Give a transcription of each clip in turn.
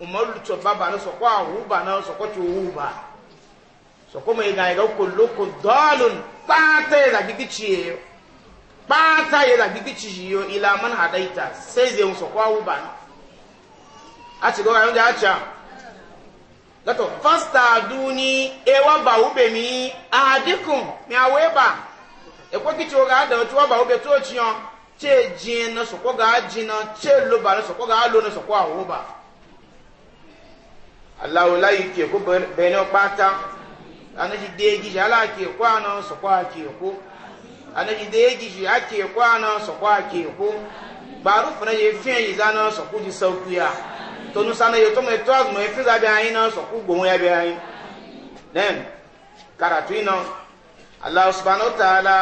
umaru tsofa ba na sokwa na sokwa ti owu sokwa mai ga ga kullukun dalun pata ya zagi gici yo pata ya yo ila man hadaita sai zai mu sokwa ahu a ci fasta duni ewa ba mi adikun mi otu ba ube to jin na sokwa na lo ba aláwo láyé tiẹ̀ kó bẹ̀rẹ̀ pátá anájídé jíjẹ aláàkè kó àná sọ̀kọ́ àkè kó anájídé jíjẹ àkè kó àná sọ̀kọ́ àkè kó gbàrú fúnra yẹ fíẹ̀ yìí sáná sọ̀kú di sọ̀kú yá tónú sáná yẹ tómọ̀ ètò àgùnmọ̀ yẹ fíza bí ayé náà sọ̀kú gbòhún yẹ bí ayé then karatu yìí náà aláwo subahana tààlà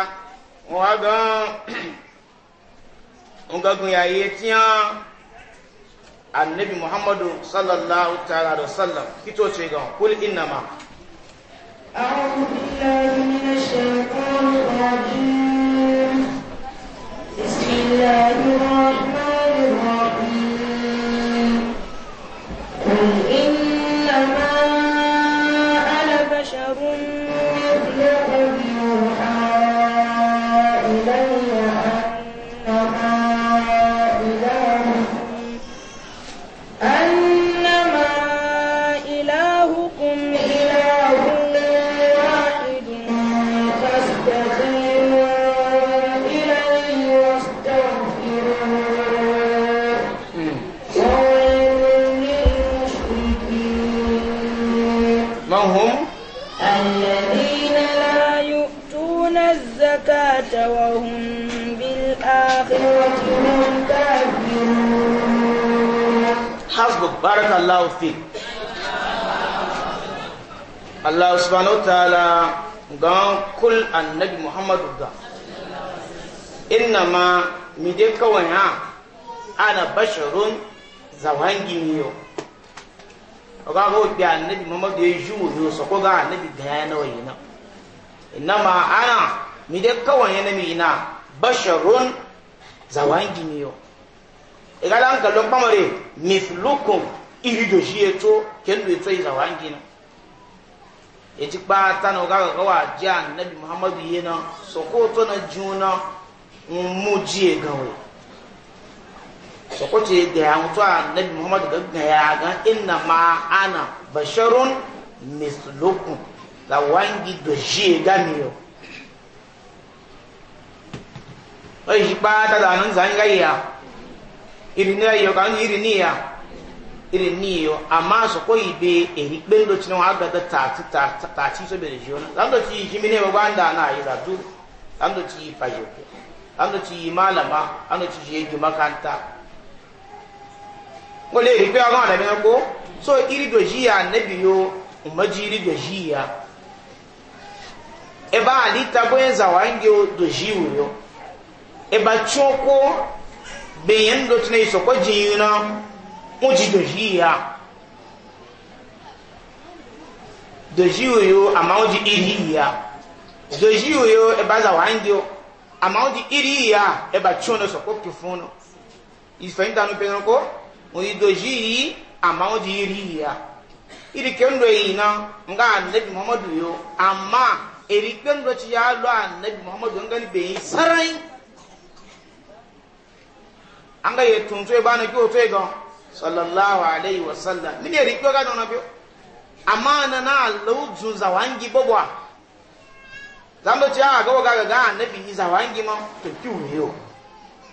wọn wá gan ń yà yẹ tiẹ́ annabi muhammadu sallallahu ta'ala da sallam kito ce ga kul inna ma a'udhu billahi minash shaitani rajim bismillahir rahmanir rahim الذين لا يؤتون الزكاة وهم بالآخرة هم حسبك بارك الله فيك Allah subhanahu wa ta'ala ga kul annabi Muhammadu ga inna ma mi kawai ha ana basharun zawangi yau ọgá kó gbé anabi muhammadu eju òdo sọkó gá anabi gàá náà yìí na ìnáma ana mi dé káwọn yẹn náà mi yìí náà basharun zawangi mi yọ ìgbàlá ń kàlọ́ pàmòrè miflukun ìhìdòsí ètò kẹlù ètò ìzawangi kpaata na ọgá wà jẹ anabi muhammadu tó jùn na gan sokoce da ya mutu a nabi muhammadu ya ga inna ma ana basharun mislukun da wangi da shi ga miyo ai shi ba ta da nan zan ga ya iri ne yo kan irin ni ya irin ni yo amma so ko ibe eri ben do cinu aga da ta ta ta ci so be ji ona dan do ci shi mine ba da na yi da du dan do ci fa yo dan do ci malama dan do ci je makanta ngole ri pe awon da ko so iri do jiya nabi yo umaji iri do jiya e ba ali wange yo e ba choko be yen do so ko jiyu na iri ya do jiwu yo e ba za iri ya e ba chono so ko kifuno ifenda no pe ko oyidoji ama o ji iri ya iri ke ndo yi na nga anabi muhammadu yo amma iri ke ndo ya lo annabi muhammadu nga ni be sarai an ga yetun to ba na ki o sallallahu alaihi wasallam mini iri ke ga na bi amma na na lo zu zawangi bobwa zambo a ga ga anabi yi zawangi ma to yo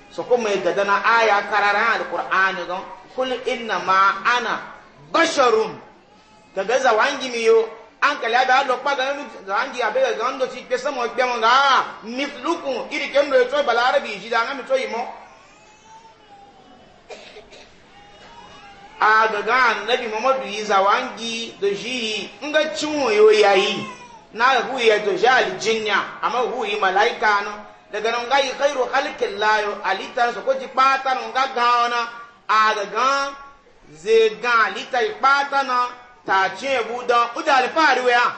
so ko mai aya karara alqur'ani ga kul inna ma ana basharun gaga zawangi mi yo an kale abe alo kpa ga nu zawangi abe ga ndo ti pe samo gbe mo ga mithlukum iri ke ndo to balare bi jida ngam to yimo a gaga annabi muhammadu yi zawangi do ji nga chinwo yo yayi na hu ya to jali jinya ama hu yi malaika no daga nan ga yi khairu khalqillah alitan so ko ji pata no ga ga na agagan zai gan alita ipata na ta cin ebu don uda alfahari wea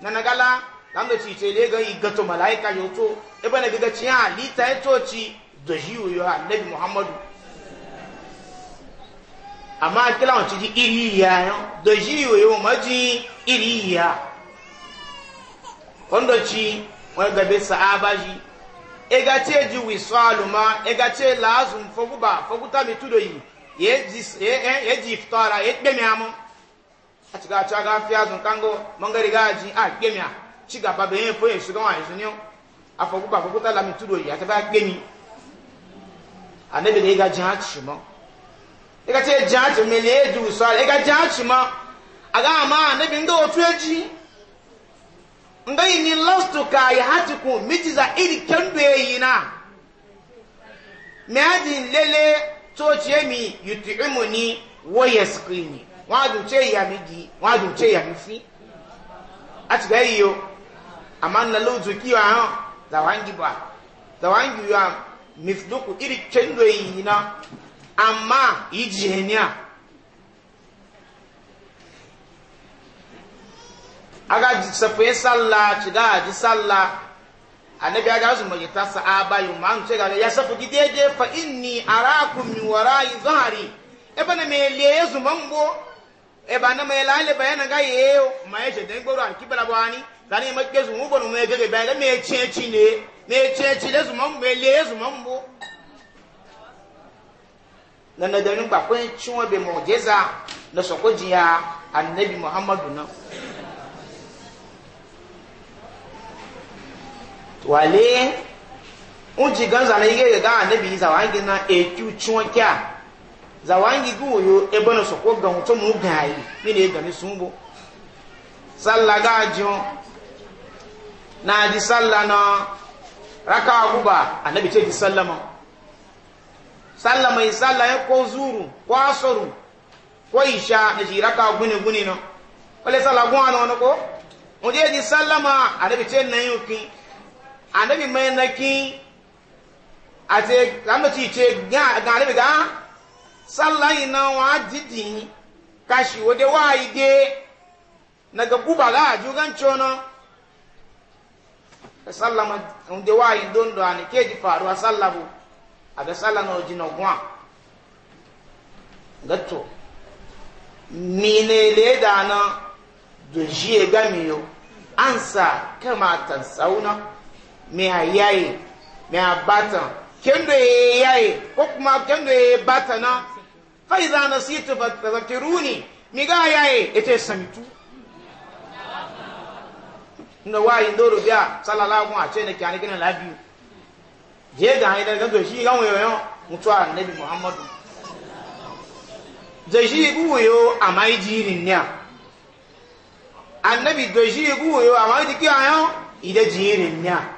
na nagala da ndo ci ce legan igato malaika yau to ebe na gaga cin alita ya toci da shi yoyo annabi muhammadu amma kila wọn ti di iri ya yan da shi yoyo ma ji iri ya kwando ci wani gabe sa'aba shi egati eji wiso aluma egati laazum foguba foguta mitudo yi yeji iftara ye kpemi amu a ci ga caga fi azun kango mangari ga ji a kpemi a ci gaba bai yin foyin shiga wa yanzu ne a foguba la mitudo yi a ta kpemi a ne bele ga ji ha ci mo egati eji ha ci mele eji wiso ala ega ji ha ci aga ama a ne otu eji ngai ni lastu ka e e ya hati ku miji za iri kendo yi yina me adin lele to ce mi yutimu ni wo yaskini wa du ya mi gi wa ya mi fi ati ga yo amma na lo zu ki wa wangi ba da wangi ya mifduku iri kendo yi e yina amma yi jiheniya aga safe sallah ci ji sallah annabi aga su mai ta sahaba yu man ce ga ya safu ki deje fa inni arakum min wara'i zahri e bana me le yesu mambo e bana me lale bayana ga yeyo mai ce den goro an kibala bani zani ma ke zu mu bonu me gege bayana me ce ci ne me ce ci le su mambo me le yesu mambo nana da nun ba kun ciwo be mu'jiza na sokojiya annabi muhammadu na wale uji ganza na ihe ga annabi zawangi na etu chuon kya zawangi gu yo ebe no sokwo ga mutu mu gai ni ne ga ni sunbo salla ga jo na di salla na raka guba annabi ce di sallama sallama yi salla ya ko zuru ko asoru ko isha na shi raka gune gune no wale salla gwa no ko mo je di sallama ce yukin anabi mai naki a ce zama ce ga ga sallayi na wa didi kashi wade wa ide na a jugan cono ka sallama wade wa yi dondo a ji faruwa sallabu a ga sallana oji na gato ni ne leda na dojiye gamiyo ansa kama sauna me a me a bata kendo ya e yaye ko kuma kendo ya e bata na fai za na si ta zakiruni mi ga yaye ita samitu inda wayin doro biya sallallahu a ce na kyani gina labiyu je ga da ganto shi gan wayoyon mutuwa annabi muhammadu da shi guwayo a mai jirin niya annabi da shi guwayo a mai jikin ayon ida jirin niya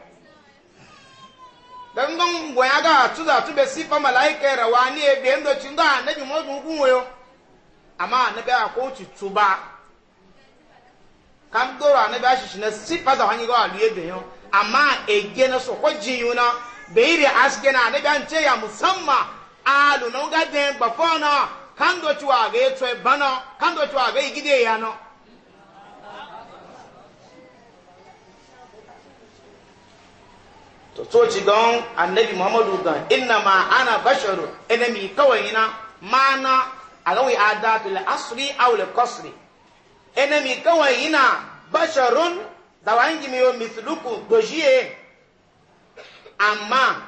dan don boya ga tu za tu be sifa malaika ni e be ndo chinga na mo dun amma na a ko ci tuba kam doro annabi a shi na sifa za hanyi ga alu e be yo amma e na so na jiyuna be iri aske na na an ce ya musamma alu no ga den ba fona ga e bana kan do ga igide ya no to so ci don annabi muhammadu gan inna ma ana basharu ina mi kawai ina mana alawai adatu la asri aw la qasri ina mi kawai ina basharun da wangi mi yo dojie amma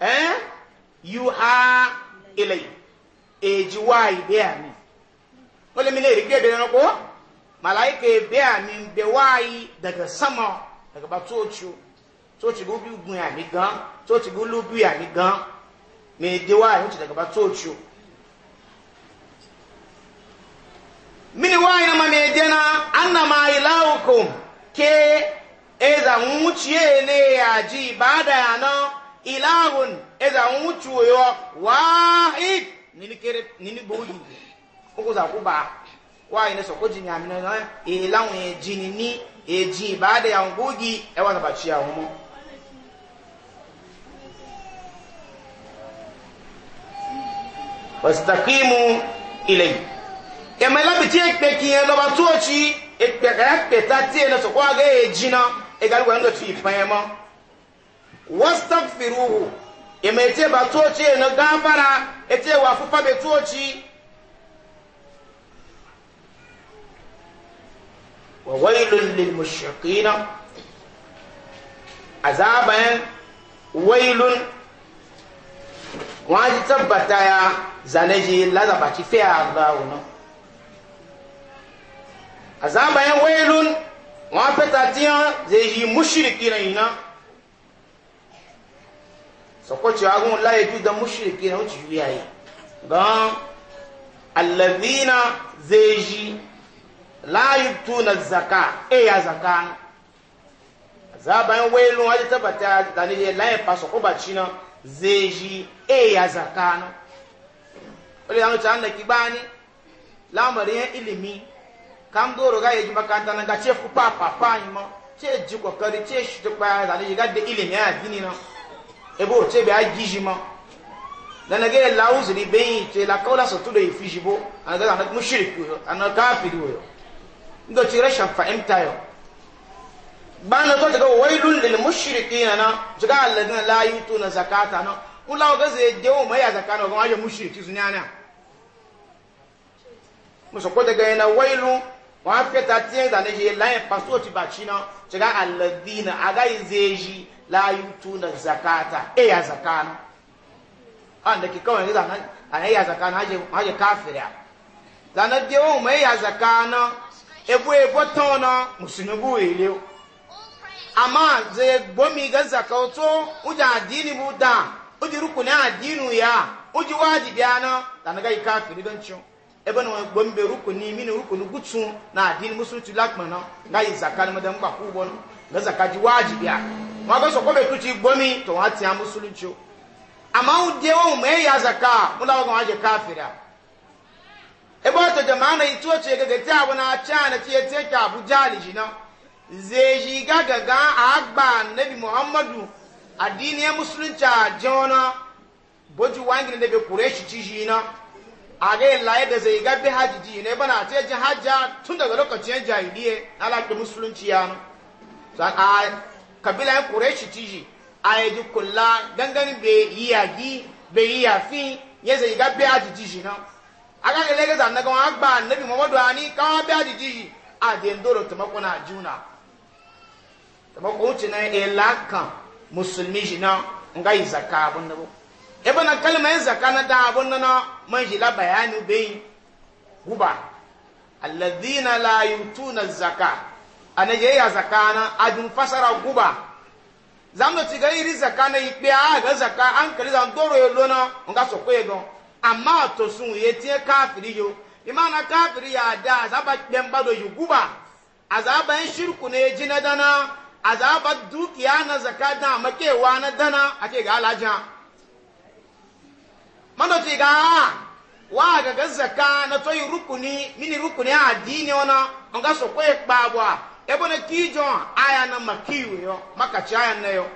eh yuha ilay eji mi le ri gbe no ko malaika be wai daga sama daga batochu tsoci gubi gun ya ni gan tsoci gun lubu ya ni gan mai dewa ya wuce daga ba tsoci mini wa yana ma mai dena an na ma ilawukum ke eza wuciye ne ya ji ba da ya ilahun eza nini kere nini ko za ku ba wa so ko na ilahun e ni e ji ba da ya ngugi e wa na ba ci ya mu wastaqimu ilayhi ema la biti ekpe kiyen lo ba tuochi ekpe ka ekpe ta tie na so kwa ga ejina e ga gwa ndo ti pan mo wastaghfiruhu ema ete ba tuochi e na gafara ete wa fufa be tuochi wa wailun lil mushriqina azaban eh? wailun wa tabbata ya zanaji lazaba ki fe azabu no azaba ya wailun wa peta tiya ze yi mushriki na ina so ko ci agun la yi da mushriki na uci yuya yi dan alladhina zeji la yutuna zaka e ya zaka azaba ya wailun wa tabata zanaji la yi paso ko bacina zeji e ya zaka no ole yang cha na kibani la mare ilimi kam doro ga yaji makanta na ga chef ku papa panyo che ji ko kari che shi to ba da ga de ilimi a dini na ebo che be ajijima na na ge la uzi be che la kola so tudo ifijibo an ga na mushriku an kafiri wo ndo ci rashin fahimta yau bana to daga wailun lil mushrikin na daga alladina la yutuna zakata na kula ga zai je mai zakata ga wajen mushriki sun yana musoko daga yana wailu wa feta tiye da ne la ya paso ti bacina tiga alladina aga izeji la yutuna zakata e ya zakana an da kawai ne zan an ya zakana haje haje kafira zan da wo mai e ya zakana ebo ebo tona musunubu ile amma zai gomi ga zakauto uja adini bu da uji rukuni adinu ya uji wajibi ana da na ga ikafiri don ciwo ebe na gbo mbe ruku ni mini ruku ni gutsu na adin musulunci lakman na ga yi zaka ni madan ba kubo na ga zaka ji wajibi a wọn ga sọkọ bẹ tuci gbomi to wọn ti a musulunci o amma wọn je wọn mẹ ya zaka wọn da wọn waje kafira ebe wata jama'a na ito ce ga gati abu na cha na ce ce ka abu jali shi na zai shi ga gaga a agba nabi muhammadu addini ya musulunci a jona boju wangin da bai kure shi ci na aga laye da zai gabe hajji ne bana ta ji hajja tun daga lokacin jahiliye alaƙi musulunci ya nu a kabila ya kure shi tiji a yi ji kula bai yi yagi bai yi yafi ya zai gabe hajji shi na a kan ilai gaza na gama agba annabi muhammadu ani kawo bi hajji shi a da yin doro na juna wuce na musulmi shi yi zaka abin da ebe na kalma yin zakana da abun nan man hila bayani bai guba alladhina la yutuna zaka ana yi ya zakana adun fasara guba zamu ci ga iri zakana ipe a ga zaka an kali zan doro yelo na nga so ko yego amma to sun ye tie kafiri yo imana kafiri ya da zaba ben bado yu guba azaba in shirku ne jina dana azaba dukiya na zakata makewa na dana ake ga alajan mando ti ga wa ga ga zaka na to yi rukuni mini rukuni a dini ona on ga so ko e pa bo ne ki jo aya na makiyu yo aya na yo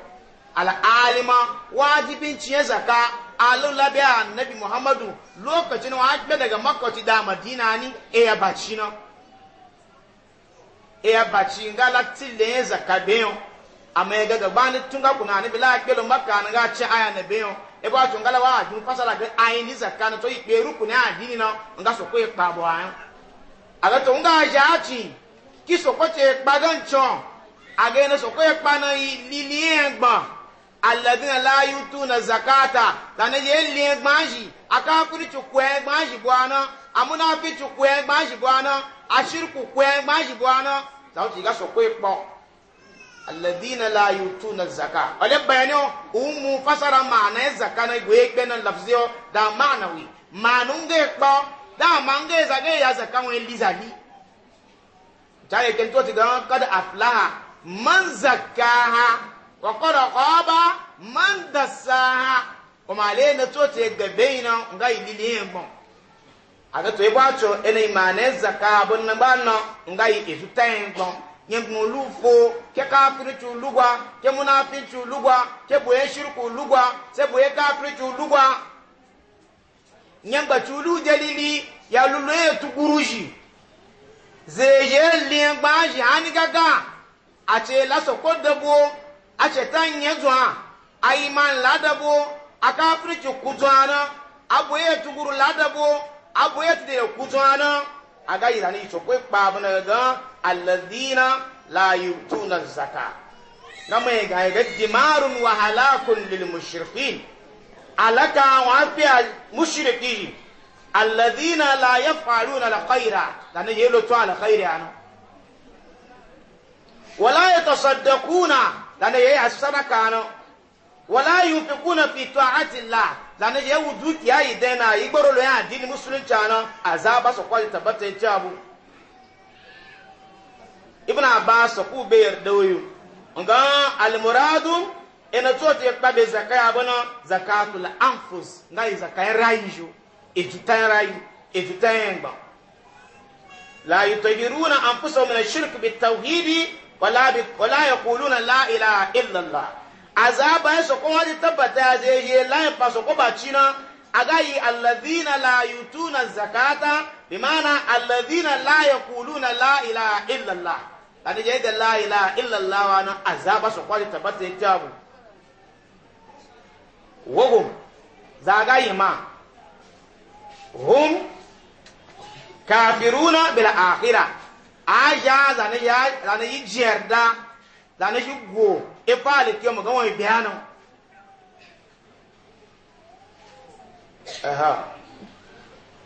Ala alima wajibin ciye zaka alu labi annabi muhammadu lokacin wa gbe daga makwati da madina ni e ya baci na e ya baci nga la tile zaka beyo amma ga gaba tunga kuna ni bila gbe lo makka ga aya na beyo ebo a tun galawa a tun fasala ga ayin ni zakana to ikpe ruku ne adini na nga so ko e pa bo ayin aga to nga ja ati ki so ko te pa gan chon aga ne so ko pa na li li engba alladina la yutuna zakata tane ye li engba ji aka kuri tu ku engba ji bo ana amuna bi tu ku engba ji bo ana ashirku ku engba ji bo ana ta o ti ga so ko po alladina la yutuna zaka wale bayani umu fasara maana ya zaka na igwe ikpe na lafzio da maana wi maana unge kpa da mange zage ya zaka we lizali taye ken to ti gan kad man zakaha wa qad qaba man dasaha o male na to te gabe na nga ilili yembo to ba zaka bun na ba no yẹngun olúfo kẹ káfíríkì olúwa kẹ múnáfíríkì olúwa kẹ bòye ṣírùkù olúwa sẹ bòye káfíríkì olúwa yẹngbàtí olújẹlili yàlúlò ètò gúrúṣì zèyẹ lẹ́ngbà yánigágá àti lásòkò dẹ́bò àṣetá yẹnzùn à àyìnbá ńlá dẹ́bò akáfíríkì kùtù àná àbòye ètò gúrú ńlá dẹ́bò àbòye ètò dẹ̀rẹ̀ kùtù àná. aga na zani to kwe kpabu na ga alladhina la yutuna zaka na mai ga ga dimarun wa halakun lil mushrikin alaka wa fi mushriki alladhina la yaf'aluna al khaira ni yelo to al khairi ano wala yatasaddaquna dan yayi as-sadaqa ano wala yunfiquna fi ta'ati zane ye wu dukiya yi na yi gboro lo ya addini musulunci ana azaba so kwaji tabbata ya ci abu ibn abbas ku be yarda wayo nga al muradu ina to te pa be zakaya abona zakatul anfus nga yi zakaya rayu ejutan rayu ejutan e yamba la yutahiruna anfusahum min ash-shirk bit-tauhid wala bi wala yaquluna la ilaha illa allah azaba ya soko wani tabbata ya je je layin fa soko ba ci na agayi alladhina la yutuna zakata bi ma'ana alladhina la yaquluna la ilaha illa allah tani je da la ilaha illa allah wa na azaba soko wani tabbata ya jabu wogum zagayi ma hum kafiruna bil akhirah aja zane ya zane yi jerda zane shi go ifa alifiyar mu gawon bayanan aha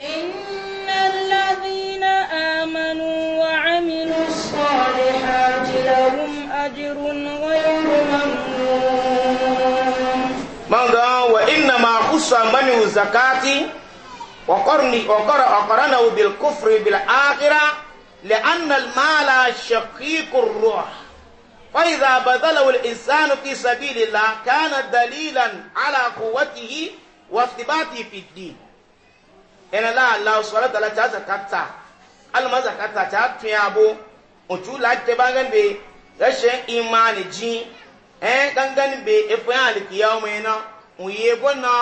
إن الذين آمنوا وعملوا الصالحات لهم أجر غير ممنون من وإنما خص من الزكاة وقرنه بالكفر بالآخرة لأن المال شقيق الروح فإذا بذله الإنسان في سبيل الله كان دليلا على قوته واثباته في الدين إن لا الله سبحانه وتعالى تزكتا alma zakata ta tuyabo otu lati bangan be rashin imani ji eh gangan be efu ya alkiya mai na uye gona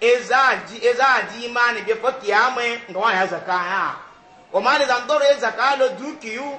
ezaji ezaji imani be fakiya mai ngwa ya zakaya o mali zandoro e zakalo dukiyu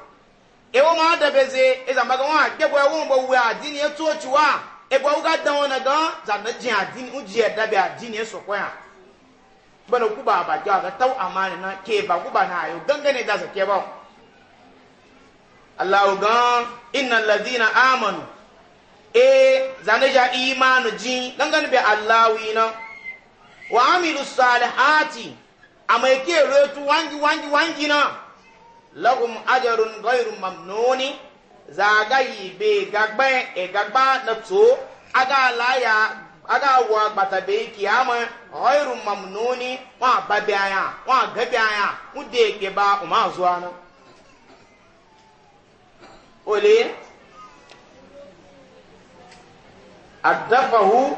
ewo ma dabeze eza maga wa ke bo ewo bo wa adini etu otu wa e bo uga da wona gan za na jin adini uji e dabe adini eso kwa ya bana ku ba ba ga ga tau amana na ke ba ku ba na ayo gangane da zake ba Allah ga innal ladina amanu e zane ja imanu jin gangane be Allah na wa amilu salihati ama e ke tu wangi wangi wangi na lahum ajarun ghairu mamnuni zagayi be gagba e gagba na to aga laya aga wa gbata be kiyama ghairu mamnuni wa babi aya wa gabi aya mu de ke ba o ma zo ana ole adafahu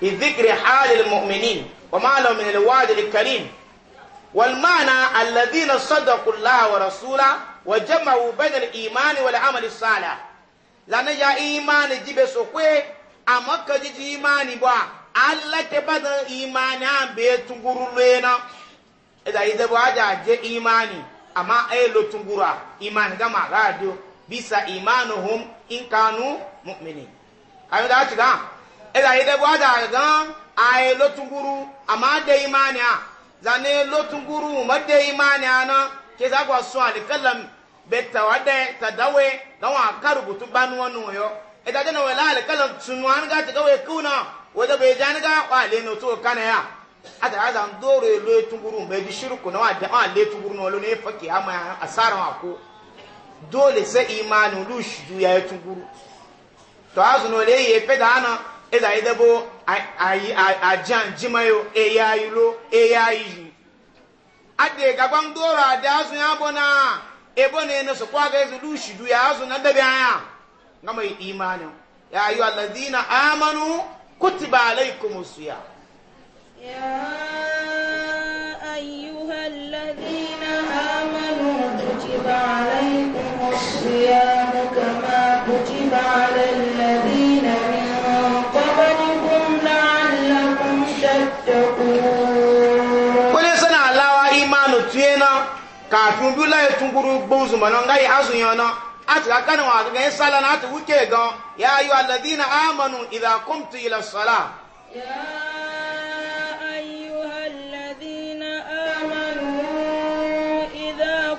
bi dhikri halil mu'minin wa ma lahu min al-wadi والمعنى الذين صدقوا الله ورسوله وجمعوا بين الإيمان والعمل الصالح لأن يا إيمان جيب سوكو أما كجيج إيمان با الله تبدا إيمان بيتنغرو غورلينا إذا إذا بواجه جي ايمان أما أي لو تنغرا إيمان كما راديو بيسا ايمانهم ان كانوا مؤمنين kayo دا ci اذا ida ida bwa da ga ay lotunguru amma da zane lotun guru madda imani ana ke za kwa so alikalam betta wade tadawe gawa karubu tu banu wonu yo e da jana wala alikalam tunwan ga tagawe kuna wada be janiga wale no to kana ya ada ada ndoro elo tunguru mbe di shirku na wada ma le tunguru no lo ne fake ama asara ma ko dole sai imani lu shi ya tunguru to azu no le ye pedana e da idebo ayi ajan jimayo eya ilo eya iyu ade gagba ndoro ade azu ya na ebo na ne so kwa ga shidu ya azu na dabi aya mai imani ya ayu alladhina amanu kutiba alaykumus siyam ya amanu kutiba kama kutiba alal kun dula ye tunkuru gbonsu ma nga yi hasu yɔn na ati ka kani wa gɛn sala na ati wuce gan ya ayu alladina amanu idha kumtu ila sala.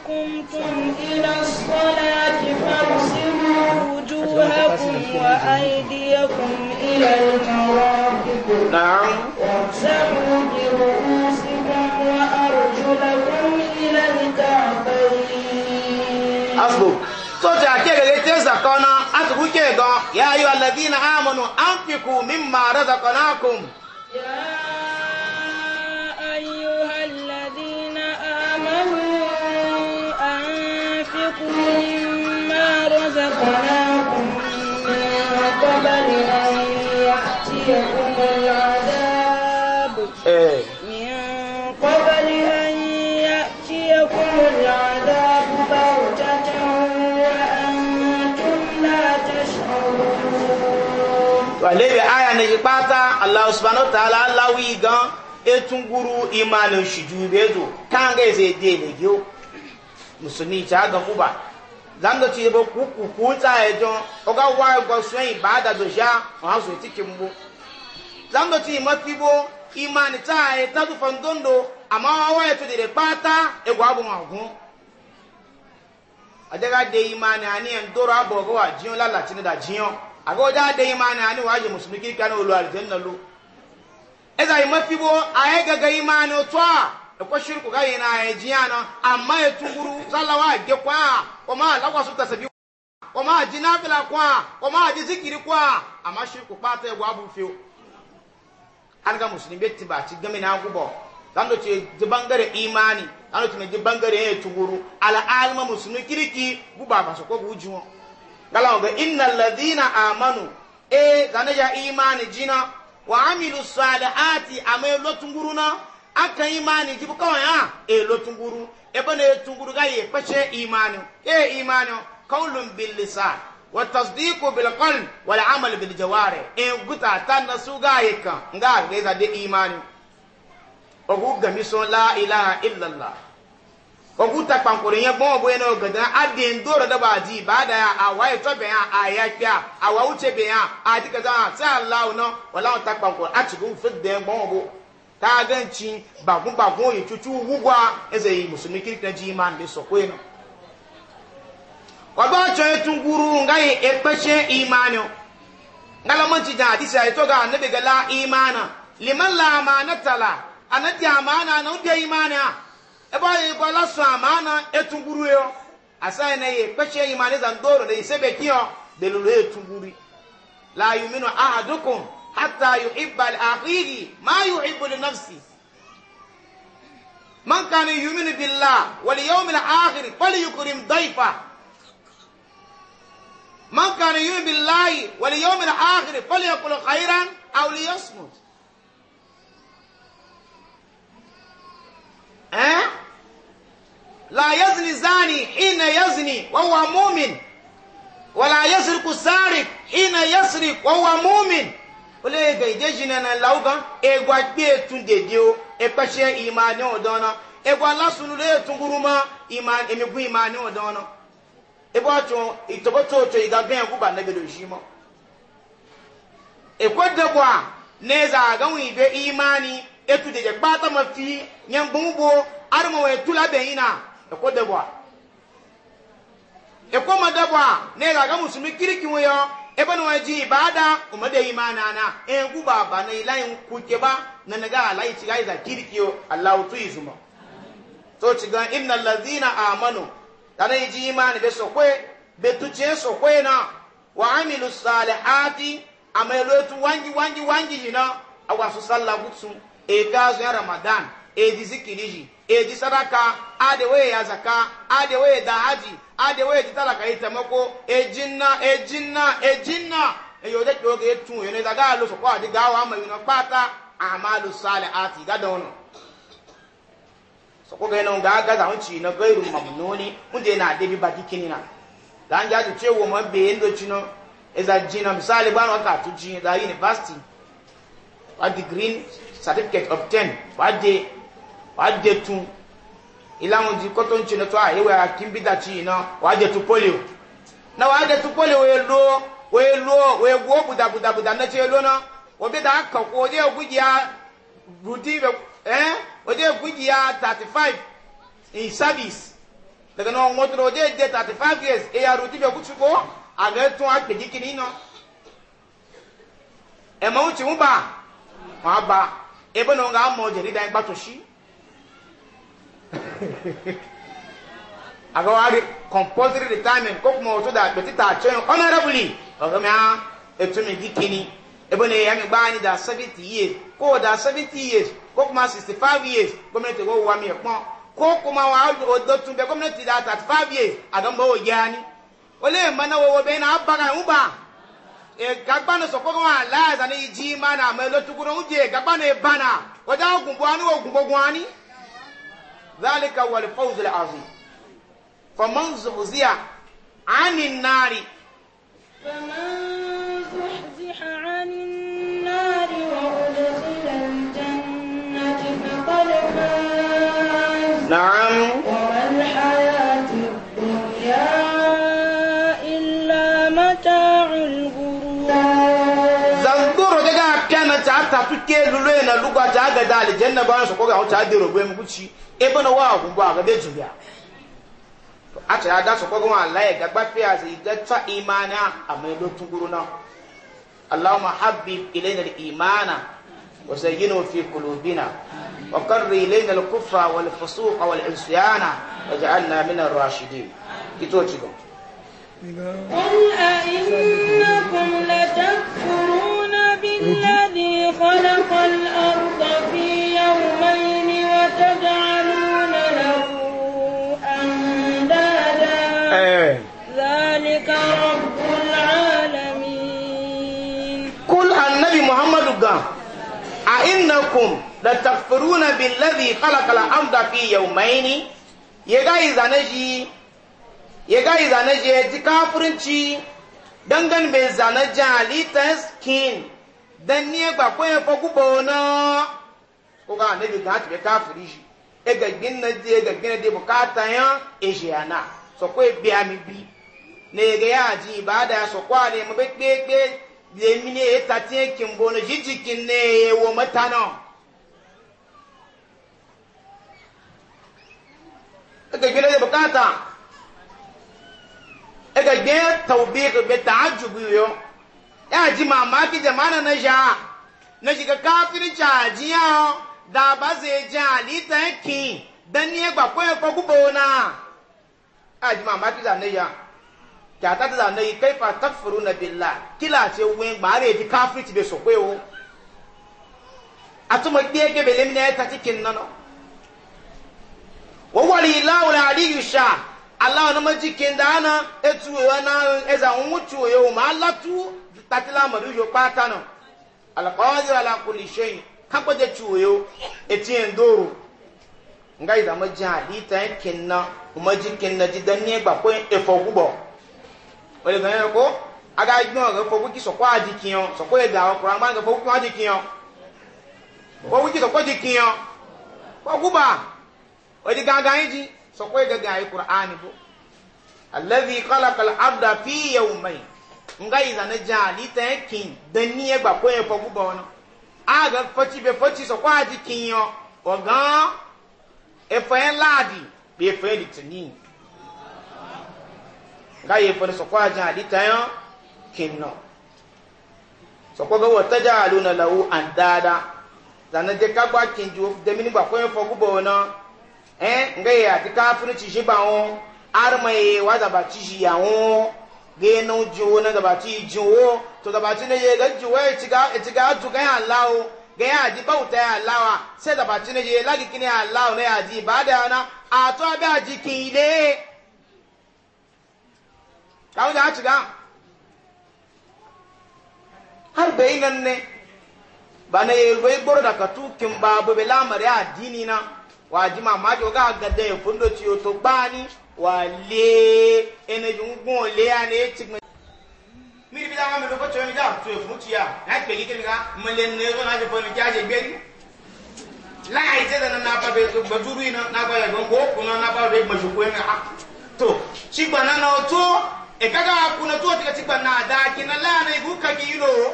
قمتم إلى الصلاة فاغسلوا وجوهكم وأيديكم إلى المرافق نعم وامسحوا برؤوسكم وأرجلكم asbo so ta ke gare te zakona atuku ke go ya ayu alladhina amanu anfiqu mimma razaqnakum ya ayyuha alladhina amanu anfiqu mimma razaqnakum min qabli walebe aya na ji kpata allah subhanahu wa ta'ala allah wi gan etun guru imanin shi jube zo kan ga zai de da giyo musulmi ta ga kuba zan da ce ba kuku kuta ya jon oga wa gwa sun ibada do sha wa su tikin bu zan da ce mafi bo imani ta ya ta zufan dondo amma wa wa ya tudi da kpata e gwa bu magun adaga de imani aniyan dora bo ga wa da jiyon ago da da imani ani waje musulmi ki kana ulu aljanna lu eza yi mafi bo aye gaga imani to a ko shirku ga yana aye jiyana amma ya tunguru sallawa ge kwa o ma la kwasu tasabi ko ma jina bila kwa o ma ji zikiri kwa amma shirku pata ya gwabu fiyo an ga musulmi betti ba ci game na gubo dan do ce ji bangare imani dan do ce ji bangare ya tunguru ala alma musulmi kiriki guba ba so ko gujiwo galawo ga inna ladina amanu e zane ya imani jina wa amilu salihati ame lotunguru na aka imani jibu kawai ha ah, e eh, lotunguru e bana e tunguru ga ye fashe imani e imani kaulun bil lisan wa tasdiqu bil qalb wal amal bil jawari e guta tan na su ga ye kan nga ga za de imani ogu gami so la ilaha illallah okuta kpankoro yẹn gbọ́n bóyá náà gẹ̀dẹ̀ adìẹ adị dóòrò dọ́bà àdì ìbáàdà yà àwa ìtọ́ bẹ̀ yàn àyà pẹ́ à àwa òche bẹ̀ yàn àti kẹta hàn sí àláwò náà wọ́n ta kpankoro àtìkú fẹ́dẹ̀ gbọ́n bó táàgẹ́ ta tsi bàgúnbàgún òye tutu wúgbà ẹsẹ̀ yìí mùsùlùmí kìrìkìrì jí ngalama ga ebe anyị gwa lasu ama na etugburu yo asaghị na ya ekpechi enyi ma nịza ndị ọrụ na isebeki yo delulu etugburi la yuminu ahadukum hatta yuhibba li akhihi ma yuhibbu li nafsi man kana yuminu billah wal yawmil akhir falyukrim dayfa من كان يؤمن بالله واليوم الآخر فليقل خيرا أو ليصمت أه؟ لا يزني زاني حين يزني وهو مؤمن ولا يسرق سارق حين يسرق وهو مؤمن olóyègbè ìdéjìnà náà làwùgán egwa gbé ètún dèdè o ẹpẹṣẹ ìmà ní egwa lásùnú lóyè tún gúrú mọ ìmà èmìgún ìmà ní ọdán náà ebó àtún ìtọ́bótó ekwo debwa ekwo ma debwa ne ga ga musulmi kiriki mu yo ebe na waji ibada kuma da imana na en ku baba na ilayin ku ke ba na naga alai ci ga za kiriki yo allah tu izuma to ci ga innal ladina amanu dana ji imani be so kwe be tu na wa amilu salihati amelo wangi wangi wangi jina awasu sallah gutsu e gazo ramadan eji zikiri ji eji sadaka adewe ya zaka adewe da haji adewe ji talaka yi tamako ejinna ejinna ejinna eyo de ko ge tun yo ne daga lo so ko adi ga wa ma yuna pata amalu salihati ga da wono so ko ge no ga ga da na gairu mamnuni unde na de bi baki kinina dan ja ji ce wo ma be ndo chino eza jina misali bana waka tu jina da university a degree certificate obtained what day wàá jẹ tun ìlànà di kọ́tọ́ ń tsi tó a ìwé akínbídà yìí náà wàá jẹ tu polio náà wàá jẹ tu polio wòye lo wòye lo wòye wo náà náà bí dàá kàn kó o de rudi bẹ o de thirty five in service daga náà wọ́n tó o de thirty five years eya rudi bẹ kutu kó àgbẹ̀ tún agbèjì náà ẹ̀mọ́ ń wọ́n ebe náà wọ́n kà á mọ̀ jẹ̀rí aga wari compulsory retirement ko kuma wato da beti ta ce honorably oga mi a etu mi gikini ebe ne ya mi gba da 70 years ko da 70 years ko kuma 65 years gwamnati ko wa mi pon ko kuma wa odo tun be gwamnati da 35 years adan bo wo gani ole mana wo be na abaga uba e gagbanu so ko wa la za ni ji mana me lo tukuro uje gagbanu e bana o da ogun bo anu ogun gogun ani ذلك هو الفوز العظيم فمن زحزح عن النار فمن ke lulu yana lugwa ta ga da janna ba su ko ga ta da rogo mu kuci e bana wa ku ba ga da jibiya to a ta da su ko ga Allah ya ga gbafiya sai ga ta imana amma lo tunguru na Allahumma habib ilayna al-imana wa zayyinhu fi qulubina wa qarr ilayna al-kufra wal fusuq wal isyana waj'alna min ar-rashidin kito ci go قل أئنكم لتكفرون الذي خلق الأرض في يومين وتجعلون له أندادا ذلك رب العالمين قل النبي محمد قال أئنكم لتكفرون بالذي خلق الأرض في يومين يغاي زانجي يغاي زانجي تكافرنشي dangan bai zane dan ni gba ko ye ko kubo na ko ga ne bi ga ti be kafiri ji e ga gin na je ga gin de bukata ya e je ana so ko e bi ami bi ne ga ya ji ibada so kwa ne mo be gbe gbe le mi ne e ta ti kin bo no jiji kin ne e wo mata no e ga gin de bukata e ga gin tawbiq be ta'ajjub yo ya ji mamaki jamana na sha na shiga kafirci a jiya da ba zai ji halitta yankin don ni gba kwaye kwa gubo na ya ji mamaki zane ya kyata ta zane kai fa takfuru na billa kila ce wen ba are kafirin kafirci bai so kwayo a tuma gbe gebe lemina ya ta cikin nano wawar ilawo aliyu sha ala na maji kenda ana etu na eza ma alatu tatila yo pata na ala qawadi ala kulli shay kan de chu yo ndoro ngai da maji hadita kenna maji kenna ji dan ne ba ko e fo gubo ga ko aga igbo ga fo guki so kwa di kiyo so ko e da o qur'an fo kwa di kiyo di kiyo ko guba o di so gaga ga gayi qur'ani bo allazi khalaqa kala abda fi yawmayn ngai za na jali ta yakin dan ni e gba ko e fo gubo ona aga fochi be fochi so kwa ji kin ogan e fo en ladi be fo di tini ngai e fo so kwa jali ta yo kinno so jaluna lahu andada za na je ka gba kinju de mini gba ko e fo gubo eh nga ya ti ci shi ba won armaye wa da ba ci shi ya won ge no jiwo na da ba ci jiwo to da ba ci ne ye ga ju e ti ga ti ga tu ga ya lawo ga ya ji ta ya lawa sai da ba ci ne ye la ki ne ya lawo ne ya ji ba da na a to ba ji ki ile kawo a ci ga har bai nan ne ba na ye bai gboro da ka tu kin ba be lamari addini na wàá jí màmá jọ ká gàdá ìfúndò tí o tó gbá ní wàá lé ẹnìjú ń gún lé á ní etí gbẹ. mi ni bí táwọn mi lọ fọ́ tẹ̀wé mi dá tó èfún tì ne láì na yí fo ni ká mo La nu ẹgbẹ́ láti na mi kí á ṣe gbé ní. láì ṣe tẹ̀lé náà bá bẹ gbẹdúrú iná náà bá yẹ gbọ́n kó kùnà náà bá bẹ gbẹ̀sùkú ẹ̀ náà tó ṣùgbọ́n náà náà tó ìkájọ́ akuna tó ti gbà náà dá kìnnà láàrin ìbú kàkì yìí lò ó.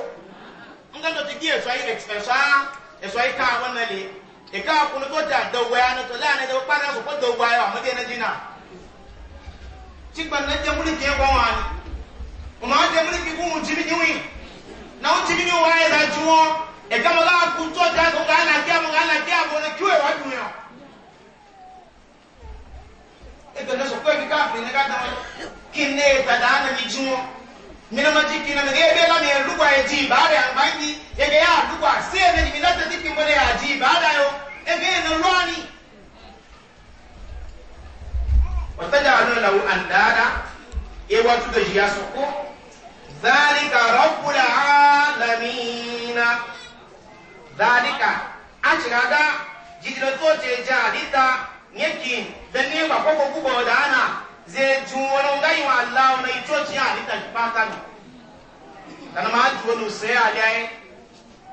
ń gbọ́dọ̀ ti gé ẹ̀ṣọ́ ẹ̀ṣọ́ ẹ̀ṣọ́ ẹ̀ka àwọn náà lè ìka àkùnú tó dà dọ̀wọ́ ya ni tó láàrin ẹ̀dẹ̀ pàdé àsopọ̀ dọ̀wọ́ ayọ̀ àmọ́dé ẹni dínà tí gbàndé jẹ́ múlìkì ẹ̀ wọ́n wà ní ọmọ àwọn jẹ́ múlìkì kú wọn jìbí níwìn náà wọn jìbí wọn ká kú tó dà ká nà kí ká nà kí kí àfin ní ká kí ní na gebe la baada ya mbangi yege ya ya baada ege na lwani watajalu lahu andada e watu da jiya soko zalika rabbul alamin zalika a cikaga jidilo to je jadita nyeki da ne ba koko kubo da ana zai jun wani ngai wa Allah na ito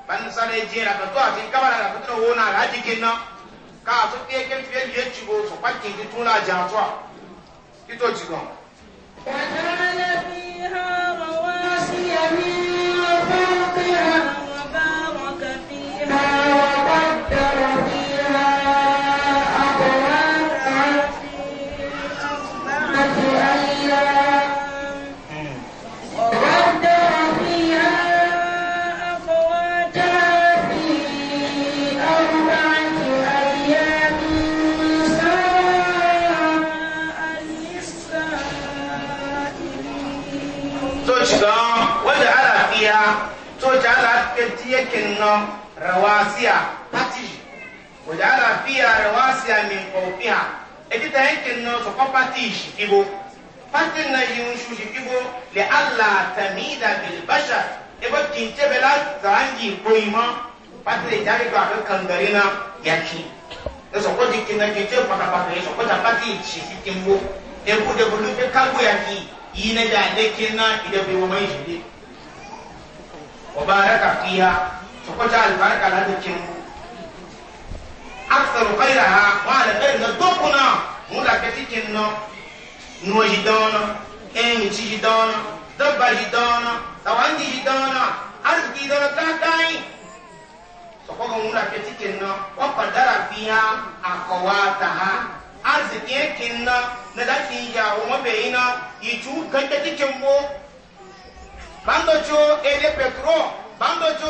ban sana ya jera ka to a cikin kamar da fitina wona a jikin nan ka a tun ɗaya kyan fiye da cigo su kwakin ki tuna jatuwa ito cigon. وجعل فيها رواسي من فوقها وبارك فيها وقدر النوم رواسيا باتي وجعل فيها رواسيا من فوقها اجي تهيك النوم سوف باتيش كيبو باتي نجيون شوشي كيبو لألا تميد بالبشر ebo kince bela zangi koima patri jari ko abe kangarina yaki eso ko dikinga kince pata pata eso ko tapati shi kimbo ebu de bulu be kango yaki yine ja lekina ide be wo mai shi wa baraka fiha sokoja albarka la da kin aksaru khairaha wa ala khair na dokuna mu da kati kin no nuwa hidona en ci hidona dabba hidona tawandi hidona arziki hidona ta kai sokoga mu da kati kin no wa qadara fiha aqwataha arziki kin no na da kin ya wa mabeina yitu kan kati kin bo bandocho ele petro bandocho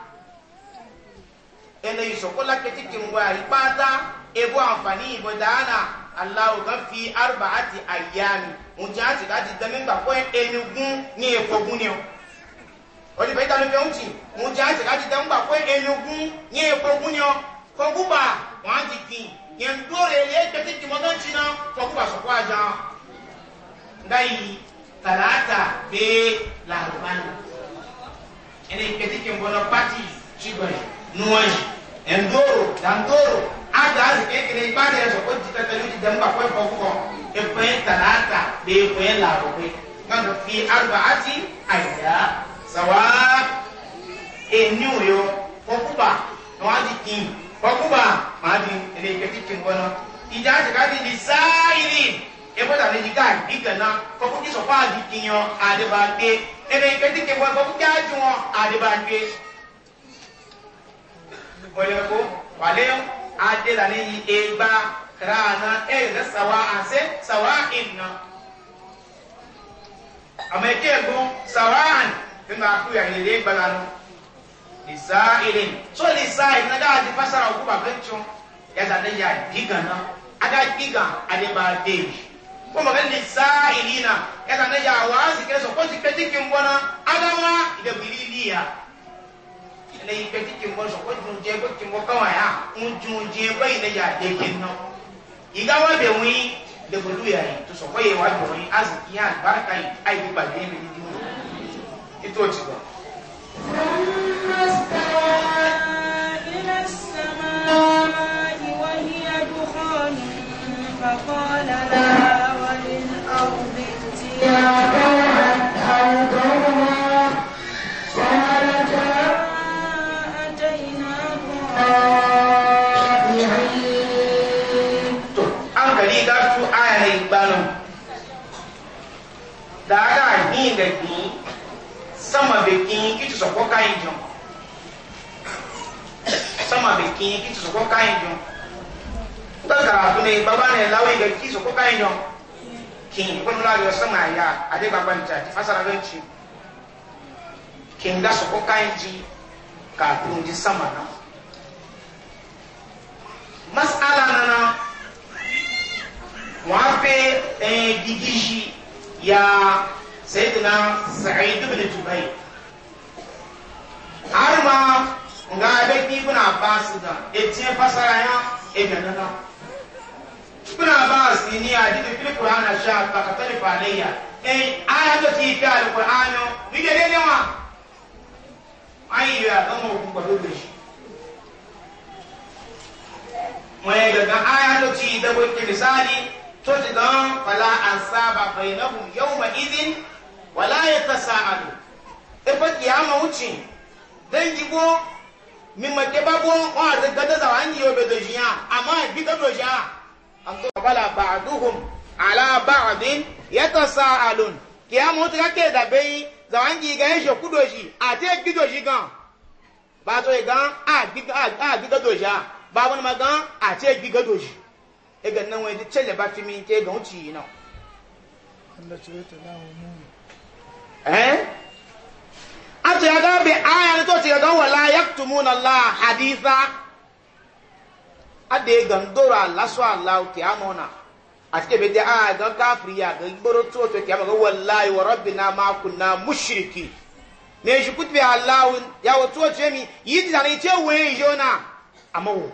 ẹnna ìṣọ̀kọ́lá kẹ́tíkì ń wá rí pátá ebó àǹfààní ìbọn dáná aláwọ̀ kan fi arúgbó àti àyà mi mo jẹ́ àti láti dán nígbà fún ẹnugún ní èfogún ni o olùbẹ́ ìtàn lóbi ọ̀hún tì mo jẹ́ àti láti dán nígbà fún ẹnugún ní èfogún ni o fọgúbà wọn á ti gbìn yẹn dóore ẹ kẹ́tíkì mọ́ náà ti ná fọgúbà sọ̀kọ́ àjà báyìí tàlàtà bẹ́ẹ̀ làrúbánu ẹni kẹ́tíkì ń bọ́ lọ pátì ṣùgbọ́n yìí nuwai endoro dandoro ada azike kele ibada ya soko jitatali uji jamba kwe kofuko ekwe talata be ekwe larokwe ngando fi arbaati aida sawa enyuyo kokuba nwaji kin kokuba maadi ele iketi kin kono ija ajika di lisaili ebota le jika igana kokuki sopa ajikinyo adebagbe ele iketi kin kono kokuki ajuwon adebagbe o wọlé ko wàlẹ́ adélaní yìí égbá kìláàna ẹ̀yẹ̀dẹ̀ sàwá àṣẹ sàwá ìnà àmọ́ ẹ̀kẹ́ ẹ̀gbọ́n sàwá àn nínú àkúrò àyẹ̀dẹ̀ égbá lánà lìsá ìlẹ̀ tó lìsá ìnà dáa di fásara òkú bàbá tó yàtọ̀ àdéjà gígan náà adá gígan adébá déèjì kuma ga lisa ilina ya zane ya wa zikir so ko zikir jikin wana adama ida bililiya ina yi peti kin bo soko jun je bo kin bo kawa ya un jun je bo ina ya de kin no iga wa be wi de bo du ya yi to soko ye wa bo wi az ki ya baraka yi ai bi ba de mi ni ju ito ti bo فقال be kin kiti soko kain jom sama be kin kiti soko kain jom ta karatu ne baba ne lawi ga kiti soko kain jom kin ko mula ga sama ya ade baba ni ta fasara ga ci kin da soko kain ji ka tun ji sama na mas'ala nana wa be eh gigiji ya sayyidina sa'id ibn jubayr har ma nga abe kuna ibn abbas da etie fasara ya eganana ibn abbas ni adi bi fil qur'an sha ta katari fa alayya e, ai aya to ti fi al qur'an ni de ne wa ai ya ga mu ku ba dole shi mo ye ga aya to ti da ki misali to ti don fala ansaba bainahum yawma idhin wala yatasaalu e fa kiyama wuce dangi bo min ma ba bo wa da gada za an yi obe doji ya amma bi ka doji ya an to bala ba'duhum ala ba'din yatasaalun ki ta ke da bai za an yi ga shi ku doji a te gi doji gan ba to gan a gi a gi doji ya ba ma gan a te gi ga doji e ga nan wani cele ba fi min ke ga wuci na Allah mu eh ati aga be aya ni to ti ga wala yaktumuna allah haditha ade gan doro allah so allah ki amona ati ke be de aya ga kafiri ya ga gboro to to ki amaga wallahi wa rabbina ma kunna mushriki ne shi kutbe allah ya wa to ce mi yidi zane ce we jona amawo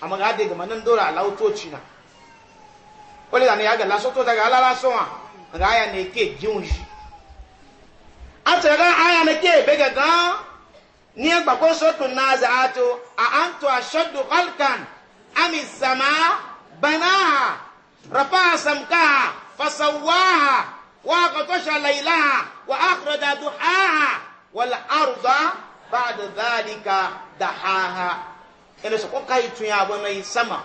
amaga ade ga manan doro allah to ci na wale zane ya ga laso to ga allah laso wa ga aya na ke jiun shi ta ga aya na ke be ga ga gba ko so na za ato a antu ashaddu khalqan am as-samaa banaha rafa'a samkaha fasawwaha wa qatasha laylaha wa akhraja duhaha wal arda ba'da dhalika dahaha ene so ko kai tun ya bo mai sama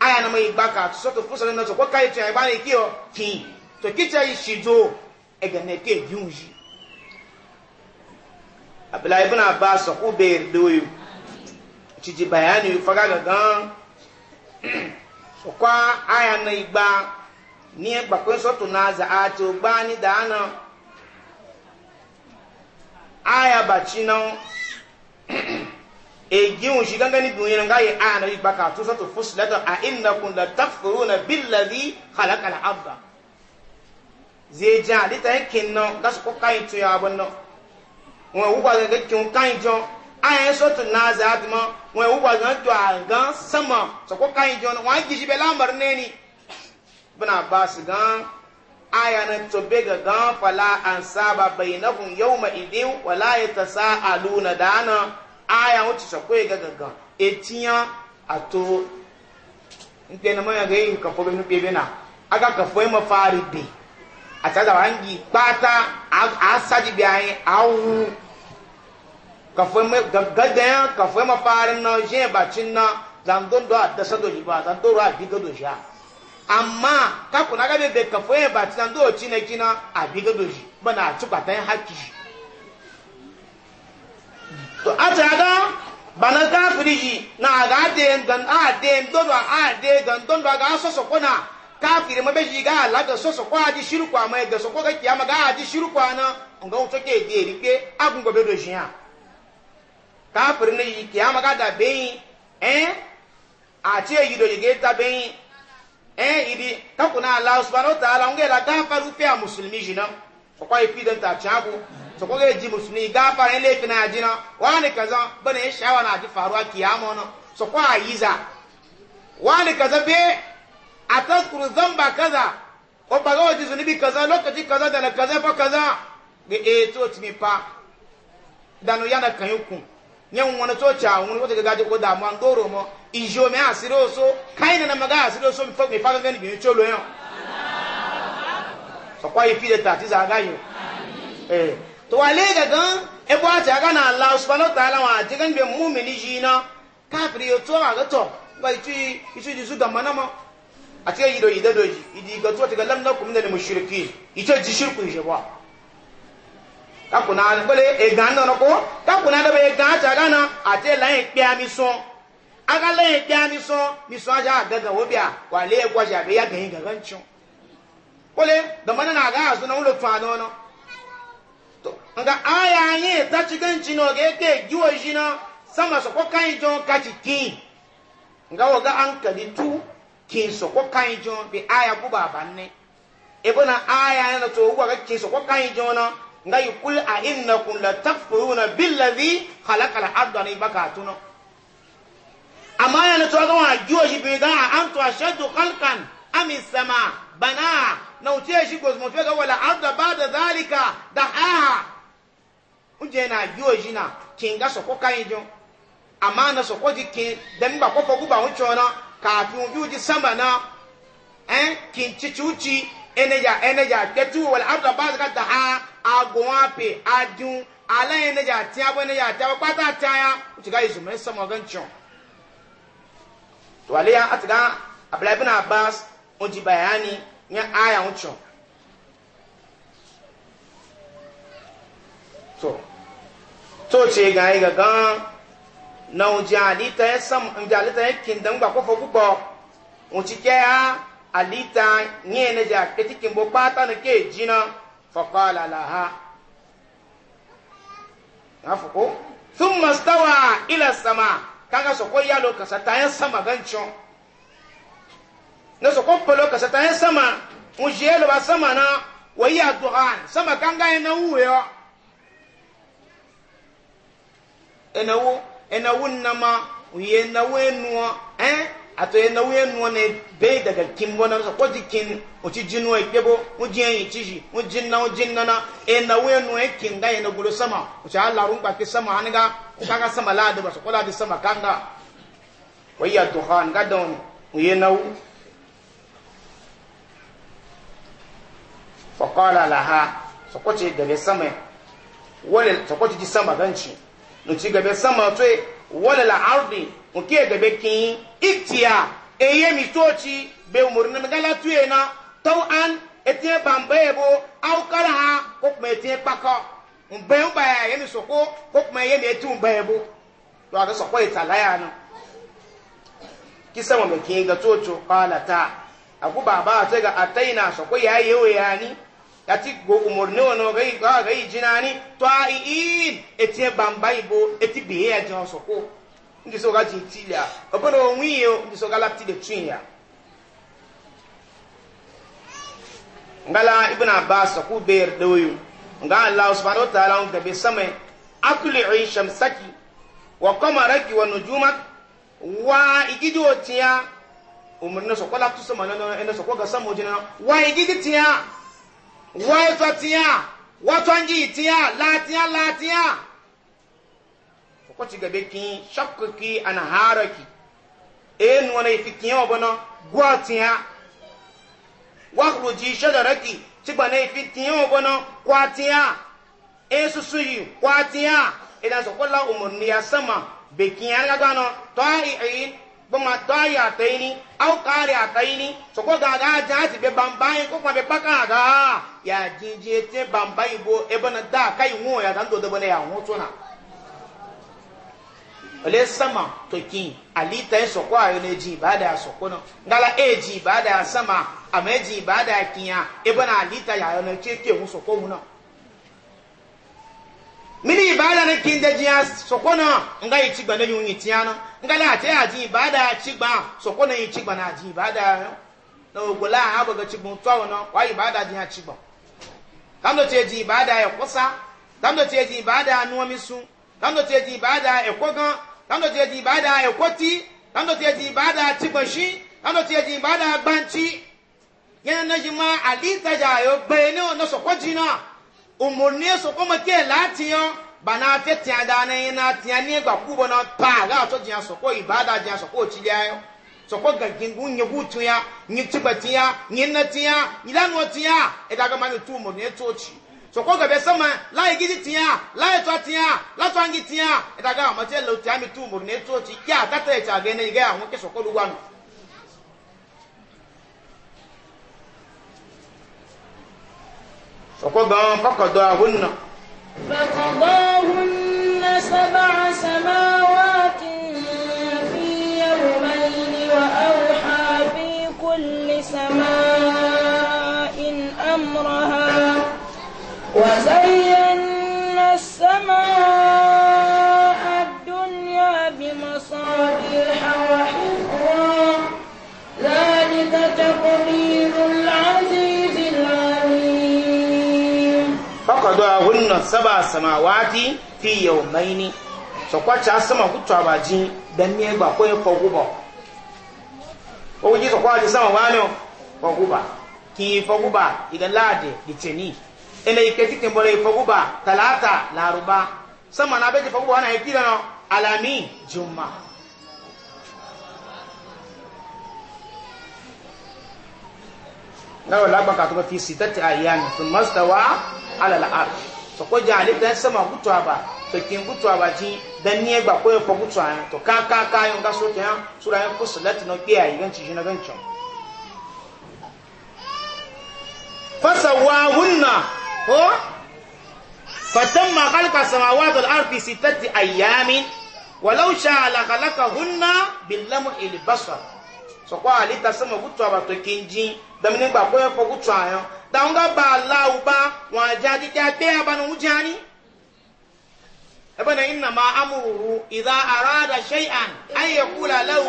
aya na mai gbaka so to fusa na so ko kai tun ya ba ki ke abdullahi ibn abbas ko ber doyu ciji bayani faga gangan so kwa aya na igba ni e gba kun sotu na za ati gba ni da ana aya bachi na eji un shi gangan ni dunyin ga yi aya na igba ka tu sotu fusilatu a innakum la takfuruna billadhi khalaqa al-abda zai ja lita yankin e nan gasu ko kai tuya abun nan wọn wúwa gẹ́gẹ́ kí n káyìn jọ ayé náà wọn wúwa àgán káyìn jọ wọn jì sí lámàrin nẹ́ni bẹ́ẹ̀ gan na tó bẹ́ gàgán fàlà ànsába bẹ̀yìn náà fún yẹ́wò mà ìdí wàlá yẹ tẹ̀ àlù nà dáná ya wọn ti yẹ etiyan àtó nkpẹ́namọ́ yà gẹ́yìn kàfọ́ aga kàfọ́ yẹ wà ń yí kafe gadanya ka fue mafarin na ba bacin na zangon a dasa sado ji ba zangon do a diga do sha amma ka kuna bebe kafe ka ba bacin na do ci na kina a diga do na bana ci kwatan hakki to a ta ga bana kafiri ji na ga de dan a de do do a de dan don do ga so so kafiri ma be ji ga la ga so so kwa ji shiru kwa ma ga so ko ga kiyama ga ji shiru kwa na nga o to ke de ri pe agun be do shi ha ka ne yi kiyama ka da bɛyi ɛn eh? a tiɛ yi do yege ta bɛyi eh? ɛn idi kakuna ala subahana ta ala ŋun la gafaru fɛ a musulmi jina kɔkɔ yi pidɔn ta tiɲɛ ko sɔkɔ yɛ ji musulmi gafara ele fina jina ni kaza bɛna e shawa na a ti faruwa kiyama na sɔkɔ a yiza ni kaza bɛ a ta kuru zamba kaza o baga o ti bi kaza lokaci kaza dana kaza fa kaza bɛ e eh, to timi pa danu yana kan kanyi kun. nyen wani to cha wani ko ga ko da mu angoro mo ijo me asiro so kai na maga asiro so mi fa mi fa ga ni bi cholo yo so kwa ifi de tati za ga yo eh to wale ga gan e bo acha ga na Allah subhanahu wa ta'ala wa ti gan be mu'mini jina kafiri yo to ga to ba ti isu ji su ga mana mo ati ga yido yido yi idi ga to ti ga lam lakum min da mushrikin ito ji shirku je ba kakuna kpele egan nɔnɔ ko kakuna dɔ bɛ egan tsa gana a te lɛn kpea mi sɔn an ka miso kpea mi sɔn mi sɔn asa gɛgɛ o bia wa ale ye gɔsi a bɛ ya gɛyin gɛgɛ tiɲɛ kpele dɔmɔni na a ka asunna wolo tɔn a nɔnɔ nka a y'a ye tatsigɛ ntsi nɔ k'e ke jiwo zi nɔ sama sɔkɔ kan yi jɔn kati kin nka o ka an kali tu kin sɔkɔ kan yi jɔn bi a ya ko b'a ebe na e bɛna a y'a yɛlɛ to o ko a ka kin sɔkɔ kan yi na. ngai kul a innakum la takfuruna billazi khalaqal arda ni baka tuno amma yana to ga wa juwa shi bi ga antu ashaddu khalqan am sama bana na uce shi gozmo fe ga wala arda ba'da zalika da aha uje na juwa shi na kinga so ko kai jo amma na so ko kin dan ba ko fogu ba huncho na kafin juji sama na eh kin cicuci eneja eneja ketu wala arda ba'da da ha agonwa pe adun alayin na ja ti abo na ja ti abo pata ti aya uti ga yesu mai samu gan chon to aliya atiga abdullahi na abbas on ji bayani nye aya on chon to to ce ga yi gagan na oji alita ya sam nja alita ya kindan gba kofo gbogbo on ci ya alita nye na ja ketikin bo pata na ke na. فقال لها نفقو ثم استوى إلى السماء kaga soko yalo kasatayen sama gancin na soko polo kasatayen sama mujiyelo ba sama na wayi addu'an sama kanga yana wuyo enawo enawun nama uye enawo enuwa eh ato ye nawuye nuwane be daga kin bona so ko kin o ti ji e kebo mu jin yi ti ji mu jin na o jin nana na e nawuye nuwe kin ga ye golo sama o cha Allah run ba sama aniga ka ga sama la da ba so ko la di sama kanga wayya to khan ga don o ye nawu fa la ha so ko ti gabe sama wala so ko ti sama ganci no ti gɛbɛ sama to wala la ardi nke ebebe kin iktiya eye mi toci be umurni mi gala tuye na tau an etinye bamba yebo au kala ha ko kuma etinye kpakọ mgbe mba ya ye mi soko ko kuma ye mi eti mba yebo to ada soko itala ya na kisa mo kin ga tocho kala ta aku baba ta ga ataina soko ya yewe ya ni yati go umurni wono ga ga ga jinani to ai etinye bamba ibo eti biye ya jin soko ndi so gaji tilia obodo onwiyo ndi so galakti de tunya ngala ibn abbas ku ber doyu nga allah subhanahu wa ta'ala un gabe samai atli'i shamsaki wa qamaraki wa nujumak wa igidi otiya umurna so kola tusa manana enda so koga samu jina wa igidi tiya wa ifatiya wa twangi tiya latiya ko ci gabe kin shakkuki an haraki e nuna ifi kiyan obana gwatiya wakhruji shajaraki ci gbana ifi kiyan obana kwatiya e susu yi kwatiya idan e su kula umarni ya sama bekin ya lagano ta'i'in bama ta'i ataini au kari ataini so ko gaga ja ti be bambai ko kwa be paka ga ya jinje te bambai bo e na da kai wo ya dan do de bana ya wo tona ole sama tokin alita yin sokwa ayo na ji ibada ya sokwa no ngala ji ibada ya sama ama e ji ibada ya kinya ebe na alita ya ayo na keke mu sokwa mu no mini ibada na kin da jiya sokwa no nga yi chigba na yun yitiya no ngala um ate aji ibada ya chigba sokwa na yi chigba na aji ibada ya na ogola abo ga chigba to no wa ibada ji ha chigba kando ti eji ibada ya kosa kando ti eji ibada ya nuwa misu kando ti eji ibada ya ekogan lando tiye ji ibada ekoti lando tiye ji ibada chibashi lando tiye ji ibada gbanchi yana na ji alita ja yo na umurni so ko lati yo bana fe ti ada na yin na ti ani na pa ga to ji ibada gun ya ya na ti ya ti soko gabe sama lai gidi tiya lai to tiya la to angi tiya itaga ma te lo tiya mi tumur ne to ti ya tata e cha gene ga mu ke soko luwa no na saba sama do ahunna فقضاهن سبع سماوات في يومين وأوحى في السماء الدنيا بمصابيح وحفظا ذلك تقدير العزيز العليم فقضاهن سبع سماوات في يومين sọkwátsá sọmọ kútu àbàjì dẹmí ẹgbà kó ẹ fọgúbọ ina iketi kimbole ifoguba talata laruba sama na beji foguba wana ikira no alami juma nawo lagba ka to fi sitati ayyan ala al so ko jali sama gutwa ba to kin gutwa ba ji dan ko to ka ka ka ga so sura no na fasawahunna فتم خلق السماوات والارض في سته ايام ولو شاء لخلقهن باللمع البصر سوكو علي تسمى غوتو باتو كينجي دامين با بو يفو غوتو ايا داون غا با لا وبا وان جادي تي ابي ابانو جاني ابانا انما امره اذا اراد شيئا ان يقول له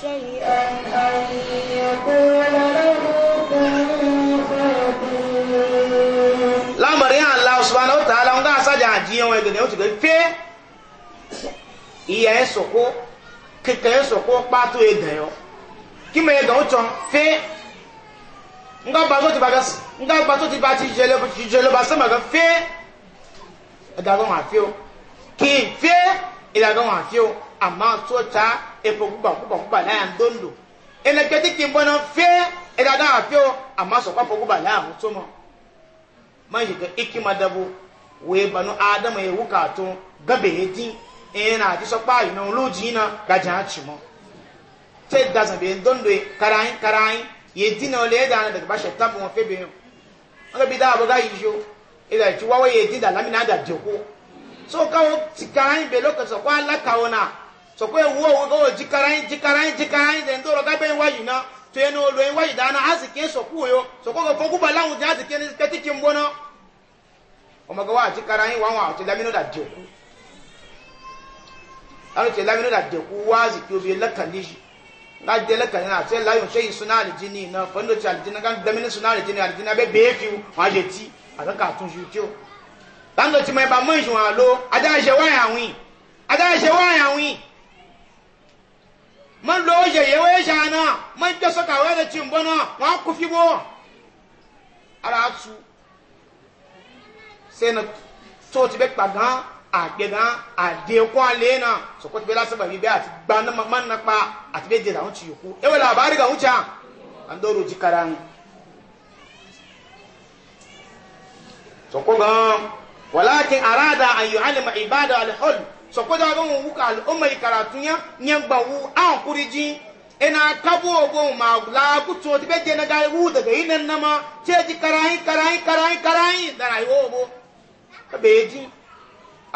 شيئا أن يقول له lambari ya allah subhanahu wa ta'ala nga asaja ajiyan wa gede otu pe iye esoko keke esoko pato egayo kima egan otu fe nga gba to ti ba ti ba ti jele ti jele ba sama ga fe egago wa fe o ki ta epo gbogbo gbogbo gbogbo náà yà ń dondo ẹnẹgbẹ́ tí kì í o àmọ́ sọ̀kọ́ fọ gbogbo náà àwọn tó mọ̀ máa ń yìí ikí máa dabo wòye banu ádámù ewu kàtó gbẹ̀bẹ̀ yẹn na ẹ̀yẹn náà àti sọ́pá ìnà olóòjì yìí náà gàjà á kara mọ́ kara dasàn bẹ́ẹ̀ dondo yẹ karayin karayin yẹ dín náà lẹ́yìn dáná dàgbà so so kwe wo wo go jikarai jikarai jikarai de ndoro ga be wa yina to ye no lo en wa yida na azike so ku yo so ko ko ku bala un jazi ke ni kati ki mbono o ma go wa jikarai wa wa ti lamino da de ku aro ti lamino da de ku wa zi o obi la kanishi ga de la kanina se la yon sey sunali jini na fondo ti aljina ga lamino sunali jini aljina be be fi wa je ti akan ka tun ju ti o dan do ti me ba mo ijun e alo ada je wa ya win ada je wa ya win man loje yewe jana man jaso ka wada cimbona wa ku fi bo ara su sai na to ti be pagan gan ade ko ale na so ko ti be lasa ba bi be ati gba na man na pa ati be jera won ci yoku e wala bari ga wucha an do roji karan so ko ga walakin arada an yu'allima ibada al-hulm sọ̀kọ́jà bẹ́ẹ̀ wu k'a ọmọ ìkàrà tún yẹn yẹn gbà wú àwọn kúrì jí ina kabo ogo ma laakutu o ti bɛ jɛnɛ ka wu daga yi nɛ nama cɛ ji karayi karayi karayi karayi dara yi wo bo ka bɛ ji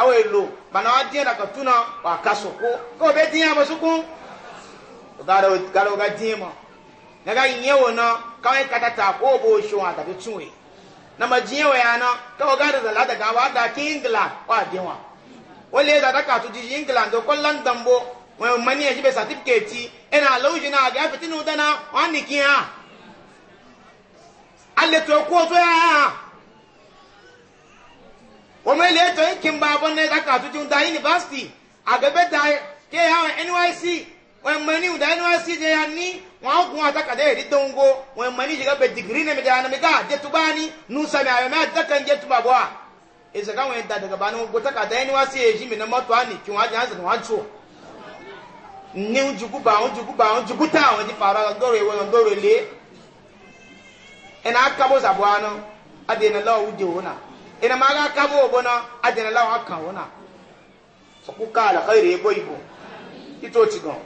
awo elo bana wa diɲɛ na ka na wa ka so k'o bɛ diɲɛ a ma soko o gaara o gaara o ka diɲɛ ma ne ka ɲɛ wo na k'an ka ta ta k'o b'o sɔn a tabi tun ye na ma diɲɛ wo yan na k'o gaara zala daga wa da kingila wa den wa. wale ya dada katu jiji england ko london bo wọn mọ ní ẹjíbẹ sàtífíkẹtì na àlọwùjì náà na àfẹtí nínú dáná wọn ní kí hàn alẹtọ ẹkọ ya ha hàn eto mọ ilé ẹtọ na ń bá abọ náà ẹdá kàtó tí ke da nyc àgẹbẹ da kí hàn nysc ya ní wọn gun àtàkàdé èdè dóńgó digri na ní na bẹ dìgírí nàmìdá nàmìdá àjẹtúbá ní nùsàmì àyọmẹ ese kan wani da daga bani ko ta kada ni wasi e jimi na moto ani ki wa jan zan wancho ni un jugu ba un jugu ba un jugu ta won di fara ngoro e won ngoro le ena aka bo sabu ano ade na lawo uje wona ena ma ga aka bo bona ade na lawo aka wona so ku ka la khairi bo ibo ito ti gan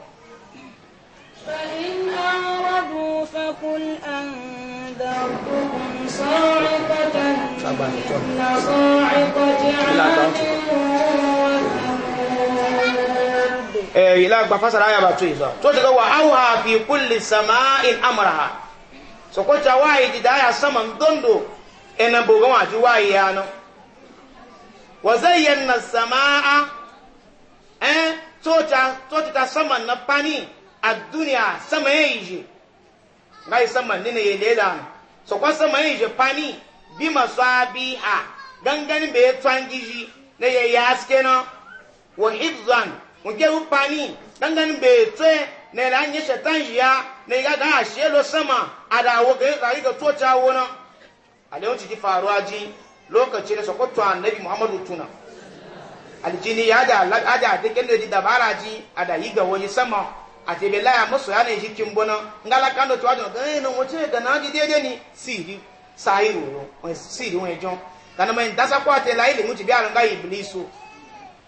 فإن أعرضوا فقل أن أنذرتكم صاعقة مثل صاعقة عاد ila gba fasara aya ba to izo to wa auha fi kulli sama'in amraha so ko ta wayi di saman dondo ena boga wa ji wayi ya no wa zayyana samaa ta to ta na pani a duniya sama yayi yi sama nina da hannu so kwan sama ye je pani bi masabi ha bai tuwan twangiji na yi yaske na wa hifzan unge u ganganin gangan be tse na la nye shetan ya na ga ga lo sama a da wo ga ga ga tuwa wona. wo no ale wuce ji faruwa ji lokacin da sokoto annabi muhammadu tuna aljini ya da ada da kendo ji dabara ji da yi ga wani sama a ìbẹ̀lá ya yá náà ìṣíkí ń bọ́ná ńgálá tí wájú ọ̀gán ẹ̀nà wọ́n tí ó gànà ájí déédéé ni síìrí sáàyè òwò síìrí wọn ẹjọ́ kànàmọ́ ìdásákọ́ àti ẹ̀láyé lè mú ti bí àrùn gáyé ìbìlẹ̀ ìṣó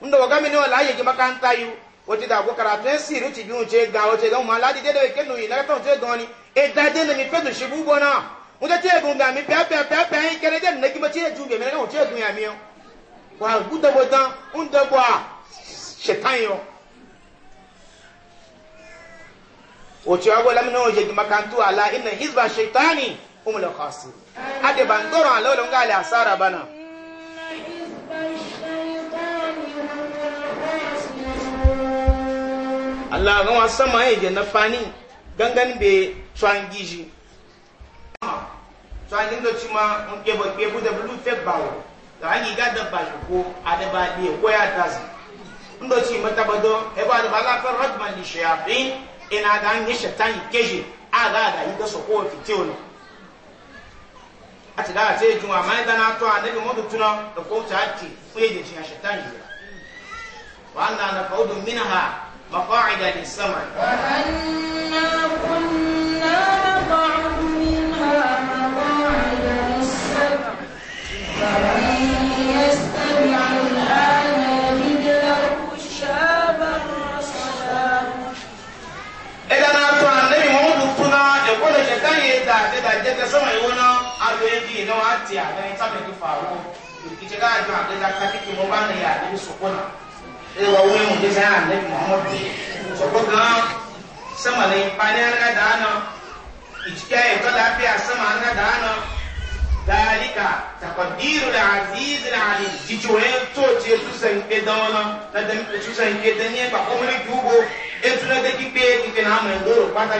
ń dọ̀wọ́ gámi ní wọn láàyè jẹ́ máa ń táyò ó ti dàgbò kàrà tó ń síìrí ti bí wọn ṣe gan ó ti gan wọn aláàjì déédéé kéde òyìn lẹ́tọ̀ tó mi otu agwa lamina oje gi makantu ala inna hizba shaitani umul khasir ade ban doro ala wala ngali asara bana Allah ga wasama ye na fani gangan be twangiji twangin do chima on ke bo ke bu da blue fe bawo da anyi ga da ba ko ade ba die ko ya tasi ndo chi mata bado ebe ba da ba la fa rajman li shayatin ina na an yi shaitan yi keji a ga da yi ga soko fitiyo a ti da a ce juma na to annabi da ake wa an na faudun minha maqa'ida lis-sam'i daga sama yi wani aro ya biyu na wati a ganin tabi ki faru rikice ga ajiyar abin da ta kike mun bani ya ne su kuna eh wa wani mun dai na ne muhammad so ko ga sama ne bani an ga dana ichike ya to lafiya sama an ga dana dalika taqdiru al-aziz al-alim jicho ya to ce su san ke dana na dan su san ke dan ne ba kuma ni dubo e tuna da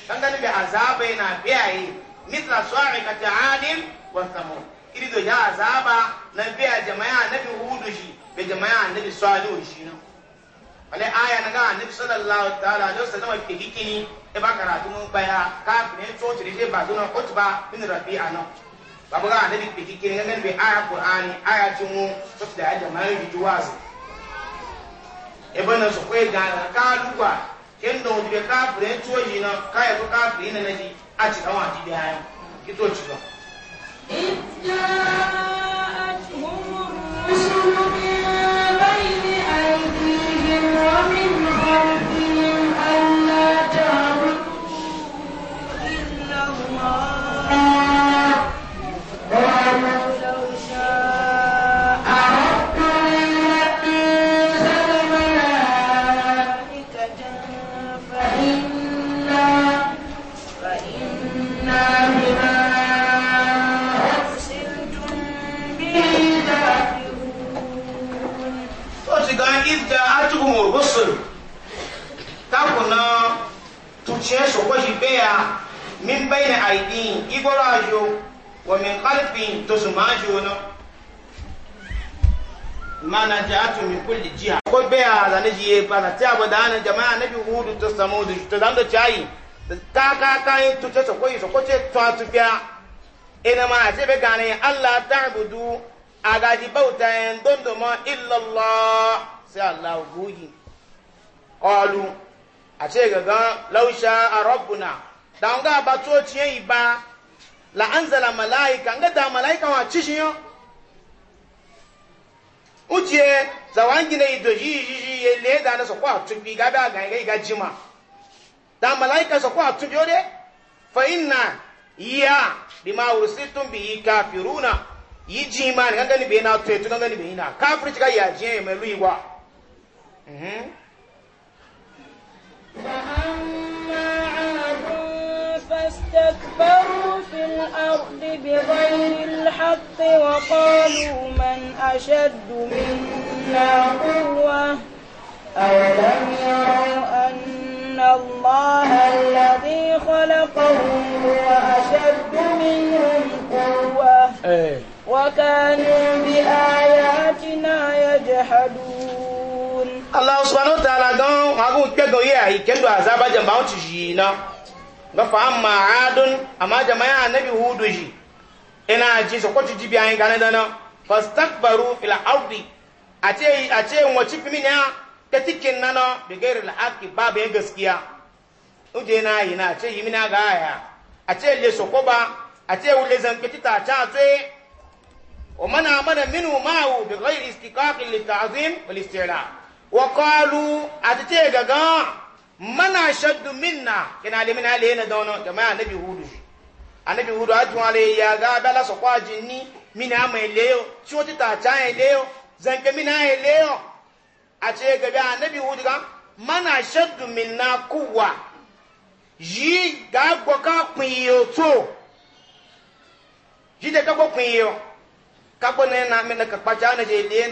dangane da azaba yana biyaye mithla sa'iqati 'adin wa thamud iri do ya azaba na biya jama'a annabi hudu shi be jama'a annabi salihu shi na. wale aya na ga annabi sallallahu ta'ala alaihi wasallam ke hikini e ba karatu mun baya kafirin to tire ba duna utba min rabi'a no babu ga annabi ke hikini ga be aya qur'ani aya tun mu to da jama'a ji juwazi e bana su kwe ga kaluwa kendo jibe kafire to yina kaya to kafire na naji a ci kawa ji da ya ki to ci ba idda ya sokwa shi beya min bayna aidin igoro ajo wa min qalbin to su ma ajo no mana ja'atu min kulli jiha da ne ji ba ba da na jama'a nabi hudu to samudu to dan da chai ka ka ka yin to ce sokwa yi bauta en dondo ma illa a ce gaga lausha a rabbuna da an ga ba to ciye yi ba la an anzala malaika nga da malaika wa cishin yo ujiye zawangi na ido yi yi yi le da na so kwa tubi ga ba ga ga jima da malaika so kwa tubi ode fa inna ya bima ursitum bi kafiruna yi jima ni ganga ni be na to to ganga ni be ina kafir ci ga ya je me luiwa mhm فأما عاد فاستكبروا في الأرض بغير الحق وقالوا من أشد منا قوة أولم يروا أن الله الذي خلقهم هو أشد منهم قوة إيه. وكانوا بآياتنا يجحدون Allah subhanahu wa ta'ala gan wagun kego ye ai kendo azaba jamba on tiji na ga fa amma adun amma jama'a annabi hudu ji ina ji so ko tiji bi ai gan dana fastakbaru fil ardi ace ace mo ci fimi na ta tikin na no bi gairil haqi babu ya gaskiya uje na yi na ce yi mina ga aya ace le so ko ba ace wule zan kitita ta tsaye ومن آمن منه معه بغير استقاق للتعظيم والاستعلاء wa kalu a ti te gaga mana shaddu minna kina limin hudu annabi hudu ale ya ga bala so kwa jinni mina ma leyo ci o ti ta ta leyo zan ke a ti ga bi annabi hudu ga mana shaddu minna kuwa ji ka kunyo to ji de ka gbo kunyo ka gbo ne na ka pa ja na je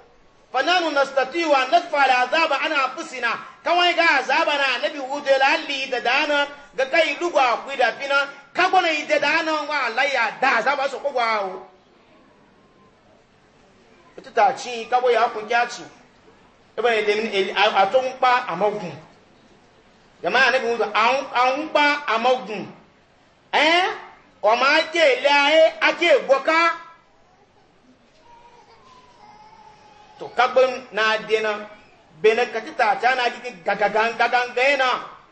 fananu nastatiwa an nadfa'ala azaba ana anfusina kawai ga azaba na nabi wude lalli da dana ga kai lugwa ku da fina ka gona ide ana wa alaya da azaba so kogwa o ta chi ka bo ya kun jachi e ba a atun pa amagun jama nabi wude an an pa amagun eh o ma ke le aye ake gboka to kagbin na dena bene katita ta na gidi gagagan gagan gaina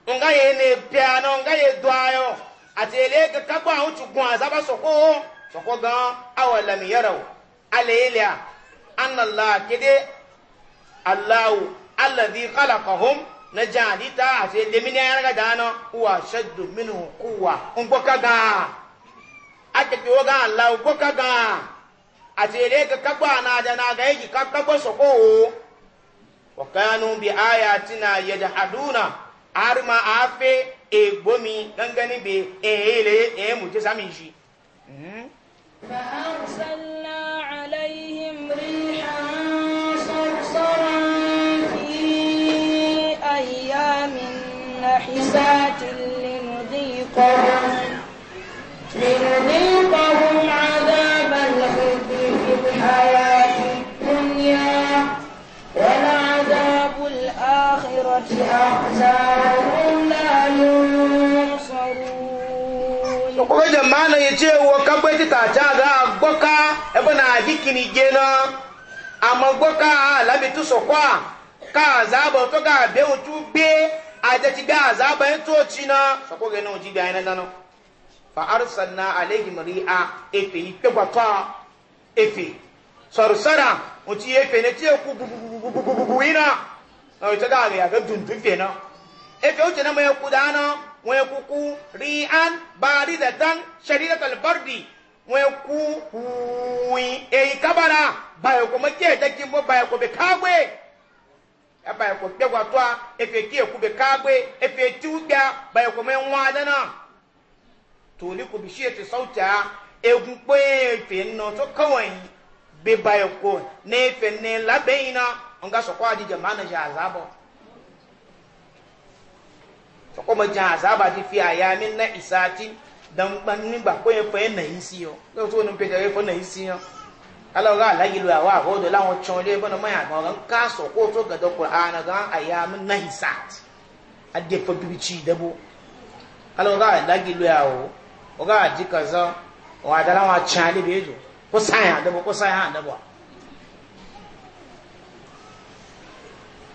nga ye ne piano nga ye dwayo atele ga kagba hu tugun azaba soko soko ga awalam yarau alayla anna allah kide allah alladhi khalaqahum najalita atele mini yanga dano huwa shaddu minhu quwwa ngbokaga akepi woga allah ngbokaga a tere ka kagba na da na ga yi ka kagba so ko wa kanu bi ayatina yajhaduna arma afe e gbomi gangani be e ele e mu je sami shi hmm? fa arsalna alaihim الحياة الدنيا ولعذاب الآخرة أحسن لا ينصرون وقال جمعنا يتيه وكبت تتعذى بكا ابن عديكني جينا àmọ́ gbọ́ ká alábìtú sọ̀kọ́ à ká àzábọ̀ tó ká àbẹ́ ojú gbé àjẹtí gbé àzábọ̀ ẹ̀ tó ti ná sọ̀kọ́ rẹ̀ náà jí fa arúsàn náà àléhìmọ̀rí a èfè yìí efe. sarsara mutu ya fene ce ku bubububububuina na wata ga ya ga tuntun fena efe wuce na mai kudana wai kuku ri'an baridatan sharidatal bardi wai ku wi eyi eh, kabara bai ko make da kin ba bai ko be kagwe ya ba ko be gwa twa efe ki ku be kagwe efe ti ubia bai ko mai da na to ni ku bi shi ta sauta egun pe efe no to kawai be bayo ko ne fe ina nga so kwa di jamana ja azabo so ko ma ja azaba di fi aya mi na isati dan ban ni ba ko yen fe na isi yo lo to no pe ja fe na isi yo ala ga la yilu awa ho do la won chon na ma ya ga ka so ko to ga do qur'an ga aya min na isati ade fa bibi chi dabo ala ga la yilu awo o ga ji kaza o adala wa chan le bejo ko saya da ko saya da ba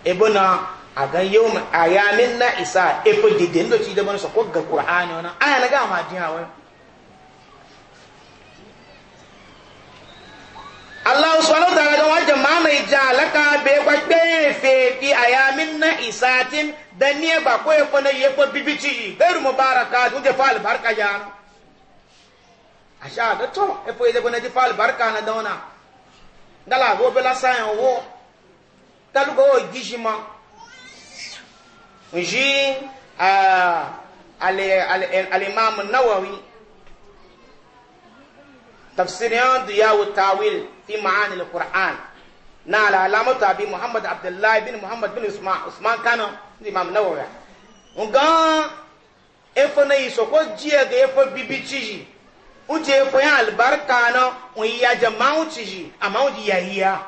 ibuna a gan yau a yamin na isa ifo dide ndo ci da so ko ga qur'ani wannan aya na ga ma din hawa Allah subhanahu wa ta'ala ga wajen ma mai jalaka be kwa kefe fi ayamin na isatin dan ne ba ko ifo na yefo bibiti gairu mubaraka duje fa albarka ya a sha ga to e fo ide bona di fal barka na dona dala go bela sayan wo talu go gishima nji a ale ale ale imam nawawi tafsiriyan diyawu tawil fi ma'ani al-qur'an na ala alamatu abi muhammad abdullahi bin muhammad bin usman usman kano imam nawawi nga efo na yi sokwa jiya ga efo bibi ciji uje kwen albarka na un ya jama'u ci ji a un ya iya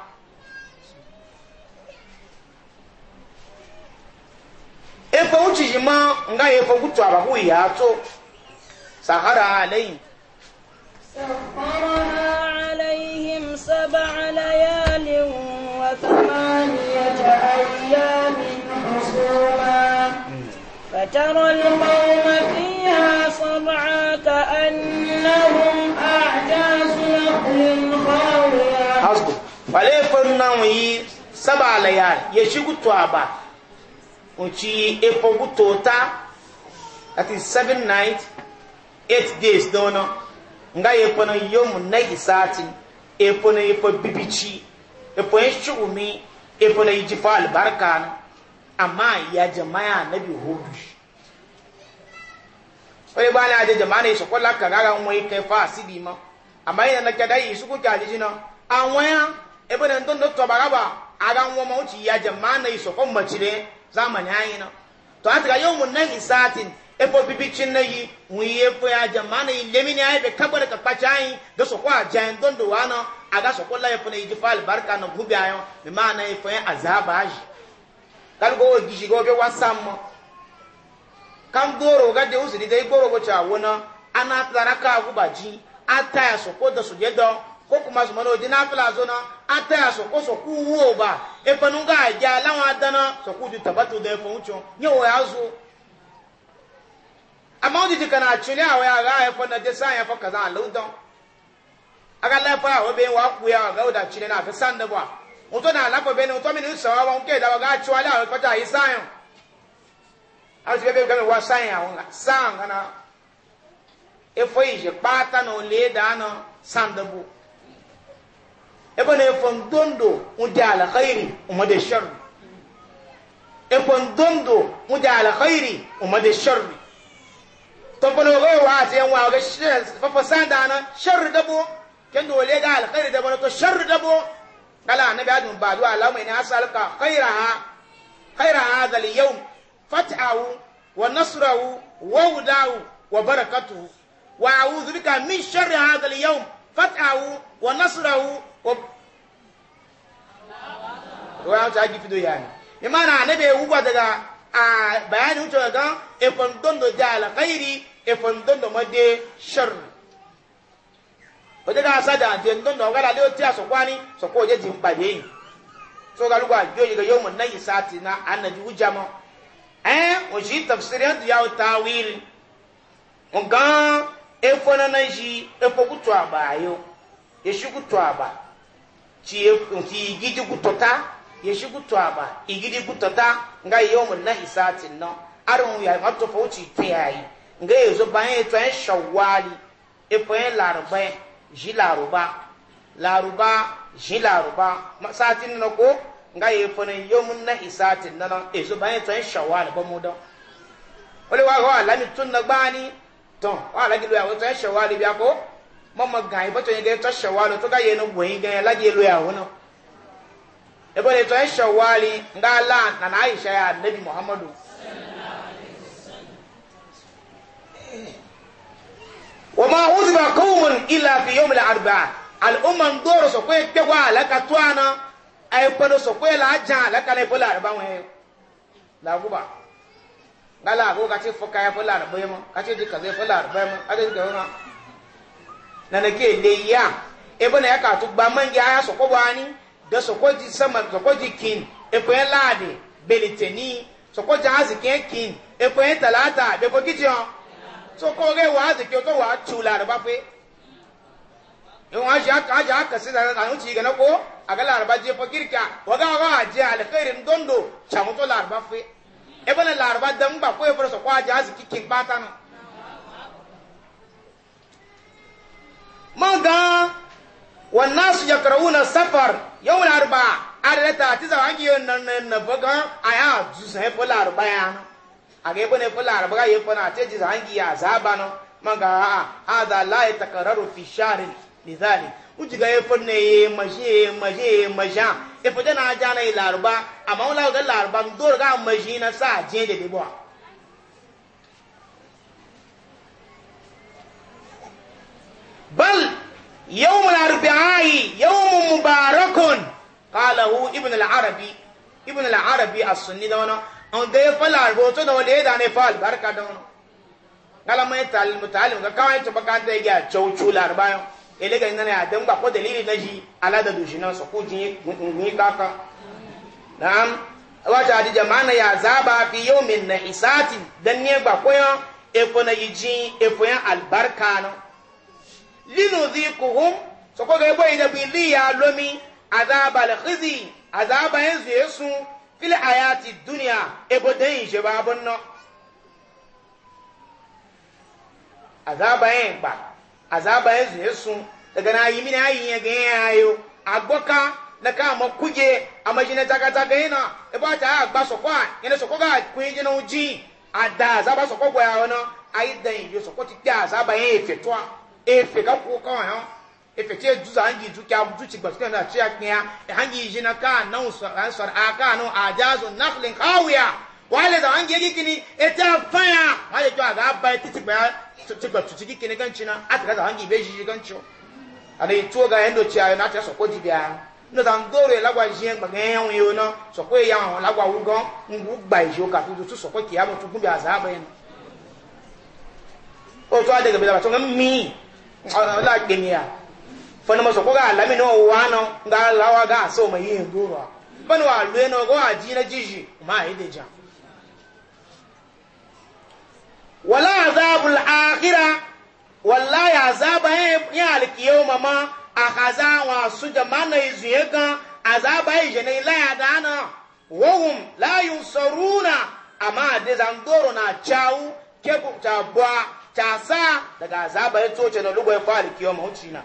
uci ma nga efa kutu ba ku ya to sahara alayhi سخرها عليهم سبع ليال وثمانية أيام حسوما فترى القوم فيها صرعى كأن efon na yi saba la ya ye shi gutu aba unci efo gutu ta that is seven night eight days dono nga efo na yom e na yi sati e e na efo bibici efo yin shi umi efo na yi albarka na amma ya jama'a na bi hudu oye ba na aje jama'a na isokola kagara nwa ike fa asibi ma amma yana na kada yi kuka kyaji na awon ya ebe na ndondo tọbara ba aga nwa ma uche ya je ma na isoko mmachire zamani anyị na to a tịga ya ụmụ nna gị satin ebe obibi chi nne gị nwee ihe fo ya je ma na ilemini anyị be kagbere ka kpacha anyị dosokwa aja ndondo wa na aga sokola ya fona iji fali barka na gubi anyị mi ma na ifo ya azaba aji kalugo wo gishi go be wasam kam doro ga de usiri de gboro go cha wona ana tara ka agubaji ata ya sokoda suje do ko kuma shi mana odi nafila zo na ata ya soko soku wo ba efanu ga aja lawon adana soku di tabato da efun cho nye wo ya zo amma odi ti kana chule awe aga efun na desa ya fa kaza aludon aga la fa awe be wa ku ya ga oda chile na fe sande ba o to na la ni o to mi ni so wa da ga chu ala awe fata isayon san ebe na efon dondo mudi alkhairi umade sharri efon dondo mudi alkhairi umade sharri to bana ga wa ta yan wa ga fa fa sanda na sharri dabo kendo wale ga alkhairi dabo to sharri dabo kala annabi adam ba duwa alamu ina asalka khairaha khaira hadha al-yawm fat'ahu wa nasrahu wa wudahu wa barakatuhu wa a'udhu bika min sharri hadha al-yawm fat'ahu wa nasrahu ko wa ta gi fido yani imana anabe uba daga a bayani wuce ga ifan dondo da alkhairi ifan dondo made shar o daga asada de dondo ga la le ti aso kwani so ko je jin pade yi so ga lugwa yo yi ga yo mun nayi sati na annabi wujama eh o shi tafsirin ya tawil on ga efo na nan shi efo kutu abayo yeshu kutu abayo ti gidi gutota ya shi gutuwa ba igidi gutota nga yau mun na isatin nan arin ya mato fa wuce ta yayi nga yanzu bayan ya tsayin shawwali ifayin e laruba ji laruba laruba ji laruba sati na ko nga ya fana yau mun na isatin nan yanzu bayan ya tsayin shawwali ba mu da wale wa ga alami tun na gbani ton wa alagi lo ya tsayin shawwali biya ko mama gan ibo to yenge to shawalo to ga yeno bo yin gan la je lo ya wono ebo ne to en shawali nga la n'ana na aisha ya n'ebi muhammadu wama udba qaumun ila fi yawm al arba'a al umma ndoro so kwe pe wa la ka to ana ay e pelo so kwe la jan la ka le bo la arba won la guba ngala go ka ti foka ya fo la arba mo ka ti di ka ze fo la arba mo ade di ka nana ke le ya ebe na ya ka tu gba mangi aya so ko bani de so ji sama so ji kin e laadi lade beliteni so ko azi kin kin e talata be ko kiji on so ko re wa azi ke to wa tu la ba pe e wa ja ka ja ka na unchi ga na ko aga la ba je fakirka wa ga ga je al khairin dondo chamu to la ba ebe na laraba ba dan ba ko e so ko azi kin ba ta man ga wannan su ya karawu na safar yau na arba a da ta ti zama ki nan na baga a ya zusa ya fula arba ya a ga yabo ne fula arba ga a na ce ji zama ya zaba na man ga a a da la ya takararu fi sharin misali uji ga yabo ne ya ya yi mashi ya ya fi jana na yi larba a wula ga larba dole ga mashi na sa jiye da debo بل يوم الأربعاء يوم مبارك قاله ابن العربي ابن العربي السني دونا أن ده فلا بوتو دو ليه دانه فال بركة دونا قال ما يتعلم متعلم كاوي تبكان ده يجي تشو تشو الأربعاء ele ga nana adam ba ko dalili na ji ala da dushina so ko ji ni kaka nam wata hadija mana ya zaba fi yawmin nahisati dan ne ba koyo efo na yiji linudhiquhum soko ga ebo ida bi li ya lomi azaba al khizi azaba yanzu yesu fil hayati dunya ebo den je babon no azaba yen gba azaba yanzu yesu daga na yi mini ayi yen ga ayo agoka na ka mo kuje amajina takataka ina ebo ta agba soko a ina soko ga kun jina uji ada azaba soko gwa ya ona ayi dan yi soko ti pe azaba yen efetua efe ka ko ka yo efe te a hangi ju kya ju ci gbafta na ci a e hangi na ka na usar ansar aka no ajazu nakhlin qawiya wale da hangi gi kini eta fanya wale jo aga ga ti ti ti ba ti gi kini ganchina ataka da hangi be ji gancho na bia nígbà ngóòrò ìlàgbà ìṣẹ́ gbàgbẹ́ ẹ̀hún yìí ọ̀nà sọ̀kọ́ ìyá lagwa gba la gbenya fana maso ko ga lami no wano ga lawa ga so ma yi gura ban wa lwe no go aji na jiji ma yi de ja wala azabul akhira wallahi azaba ya alkiyoma a akaza wa su jamana izuye kan azaba yi je ne la ya dana wahum la yunsaruna amma de zandoro na chau kebu tabwa tasa daga azaba ya tsoce na lugo ya kwali kiyo mahuci na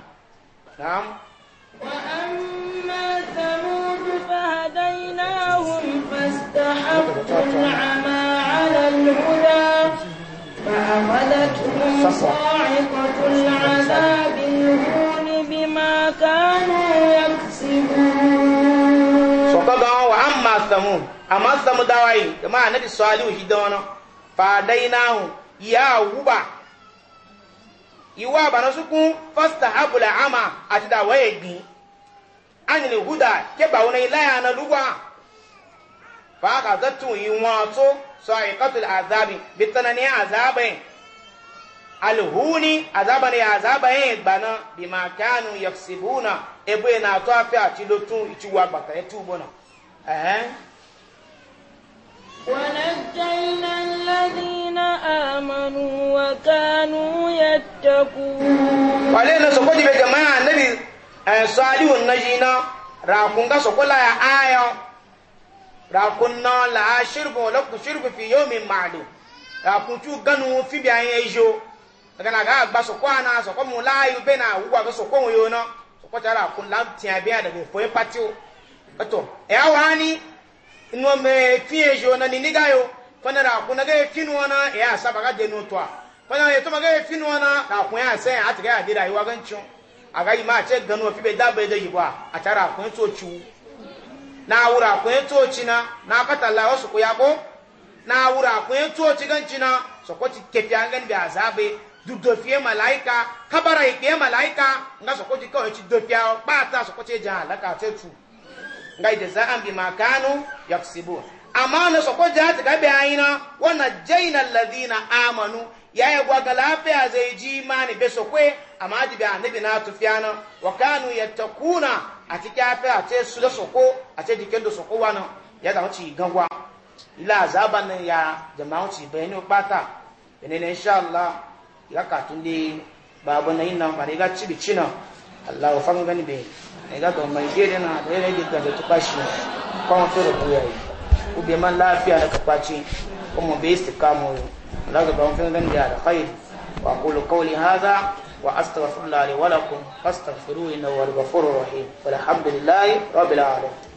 na'am wa amma thamud fa hadaynahum fastahabbu al'ama 'ala al-huda fa akhadathum sa'iqatu al'adab al-hun bima kanu yaksibun so kaga wa amma thamud amma thamud dawai jama'a nabi salihu hidona fa hadaynahum ya wuba ìwọ àbànásùkún fásità abúlé àmà àti dàwọ ẹgbìn ányìnì húdà kébàwọ iláyà náà lúgbà fàákà zẹtù ìwọn tó sọ ìkọtùlẹ àzábì bìtánà ní àzábẹ alhuni àzábà ní àzábà yẹn gbaná bìmàkánù yẹsìbùnà ebúyẹ náà tó afẹ àti lótú ìtúwọ àgbàtà ẹtúbọ náà. ونجينا الذين آمنوا وكانوا يتقون ولينا سقط بجماعة النبي صالح النجينا راكونغا سقولا يا آية راكونا لا شرب ولا شرب في يوم معلوم راكونتو غنو في بيان يجو daga ga agba sokɔ ana sokɔ mu laayi bɛ na awu abe sokɔ mu yi o na sokɔ tɛ ara kun lam tiɲɛ bɛ yan daga o fɔ ye pati o ɛtɔ ɛ awo ani inuwa mai fiye shi wani nini gayo fana da kuna ga fin na ya saba ga denu to fana ya tuma ga fin na da kun ya se a tiga ya dira yi wagan cin a ga yi ma ce gano fi be dabe da yi ba a tara kun to ci na wura kun to ci na na patalla wasu ku ya ko na wura kun to ci gan ci na so ko ci kefi an gan bi azabe du dofie malaika kabara ike malaika nga so ko ci ko ci dofia ba ta so ko ci ja halaka ce tu ngai jaza'an bima kanu yaksibun amma na soko jati gabe ayina wana jaina alladhina amanu yaye gwagalafe lafiya zai ji imani be sokwe amma ji bi annabi na tufiyana wa kanu yattakuna a cikin afe su da soko ate dikendo soko wana ya da ci gangwa ila azaban nan ya jama'a ci bayani bata ne insha Allah ya katun babu na ina nan ga cibi Allah wa gani bayani ẹ̀gá tó mọ̀ ìgbé da àbẹ̀rẹ̀ èdè gbàdọ̀ tó pàṣẹ kọ́n tó rẹ̀ bóyá yìí obìnrin máa ń láàfin àdàkà pàṣẹ ọmọ bẹ́ẹ̀ sì ká mọ́ rẹ̀ alágbèbá wọn fẹ́ràn lẹ́nu àdàkà yìí wà kó lọ kọ́wọ́lì hádà wà ástàfúrúlà rẹ̀ wàlàkùn ástàfúrú ìnáwó àlùbáfóró rẹ̀ wàlàhàmdùlilá rọ̀bìlà rẹ̀.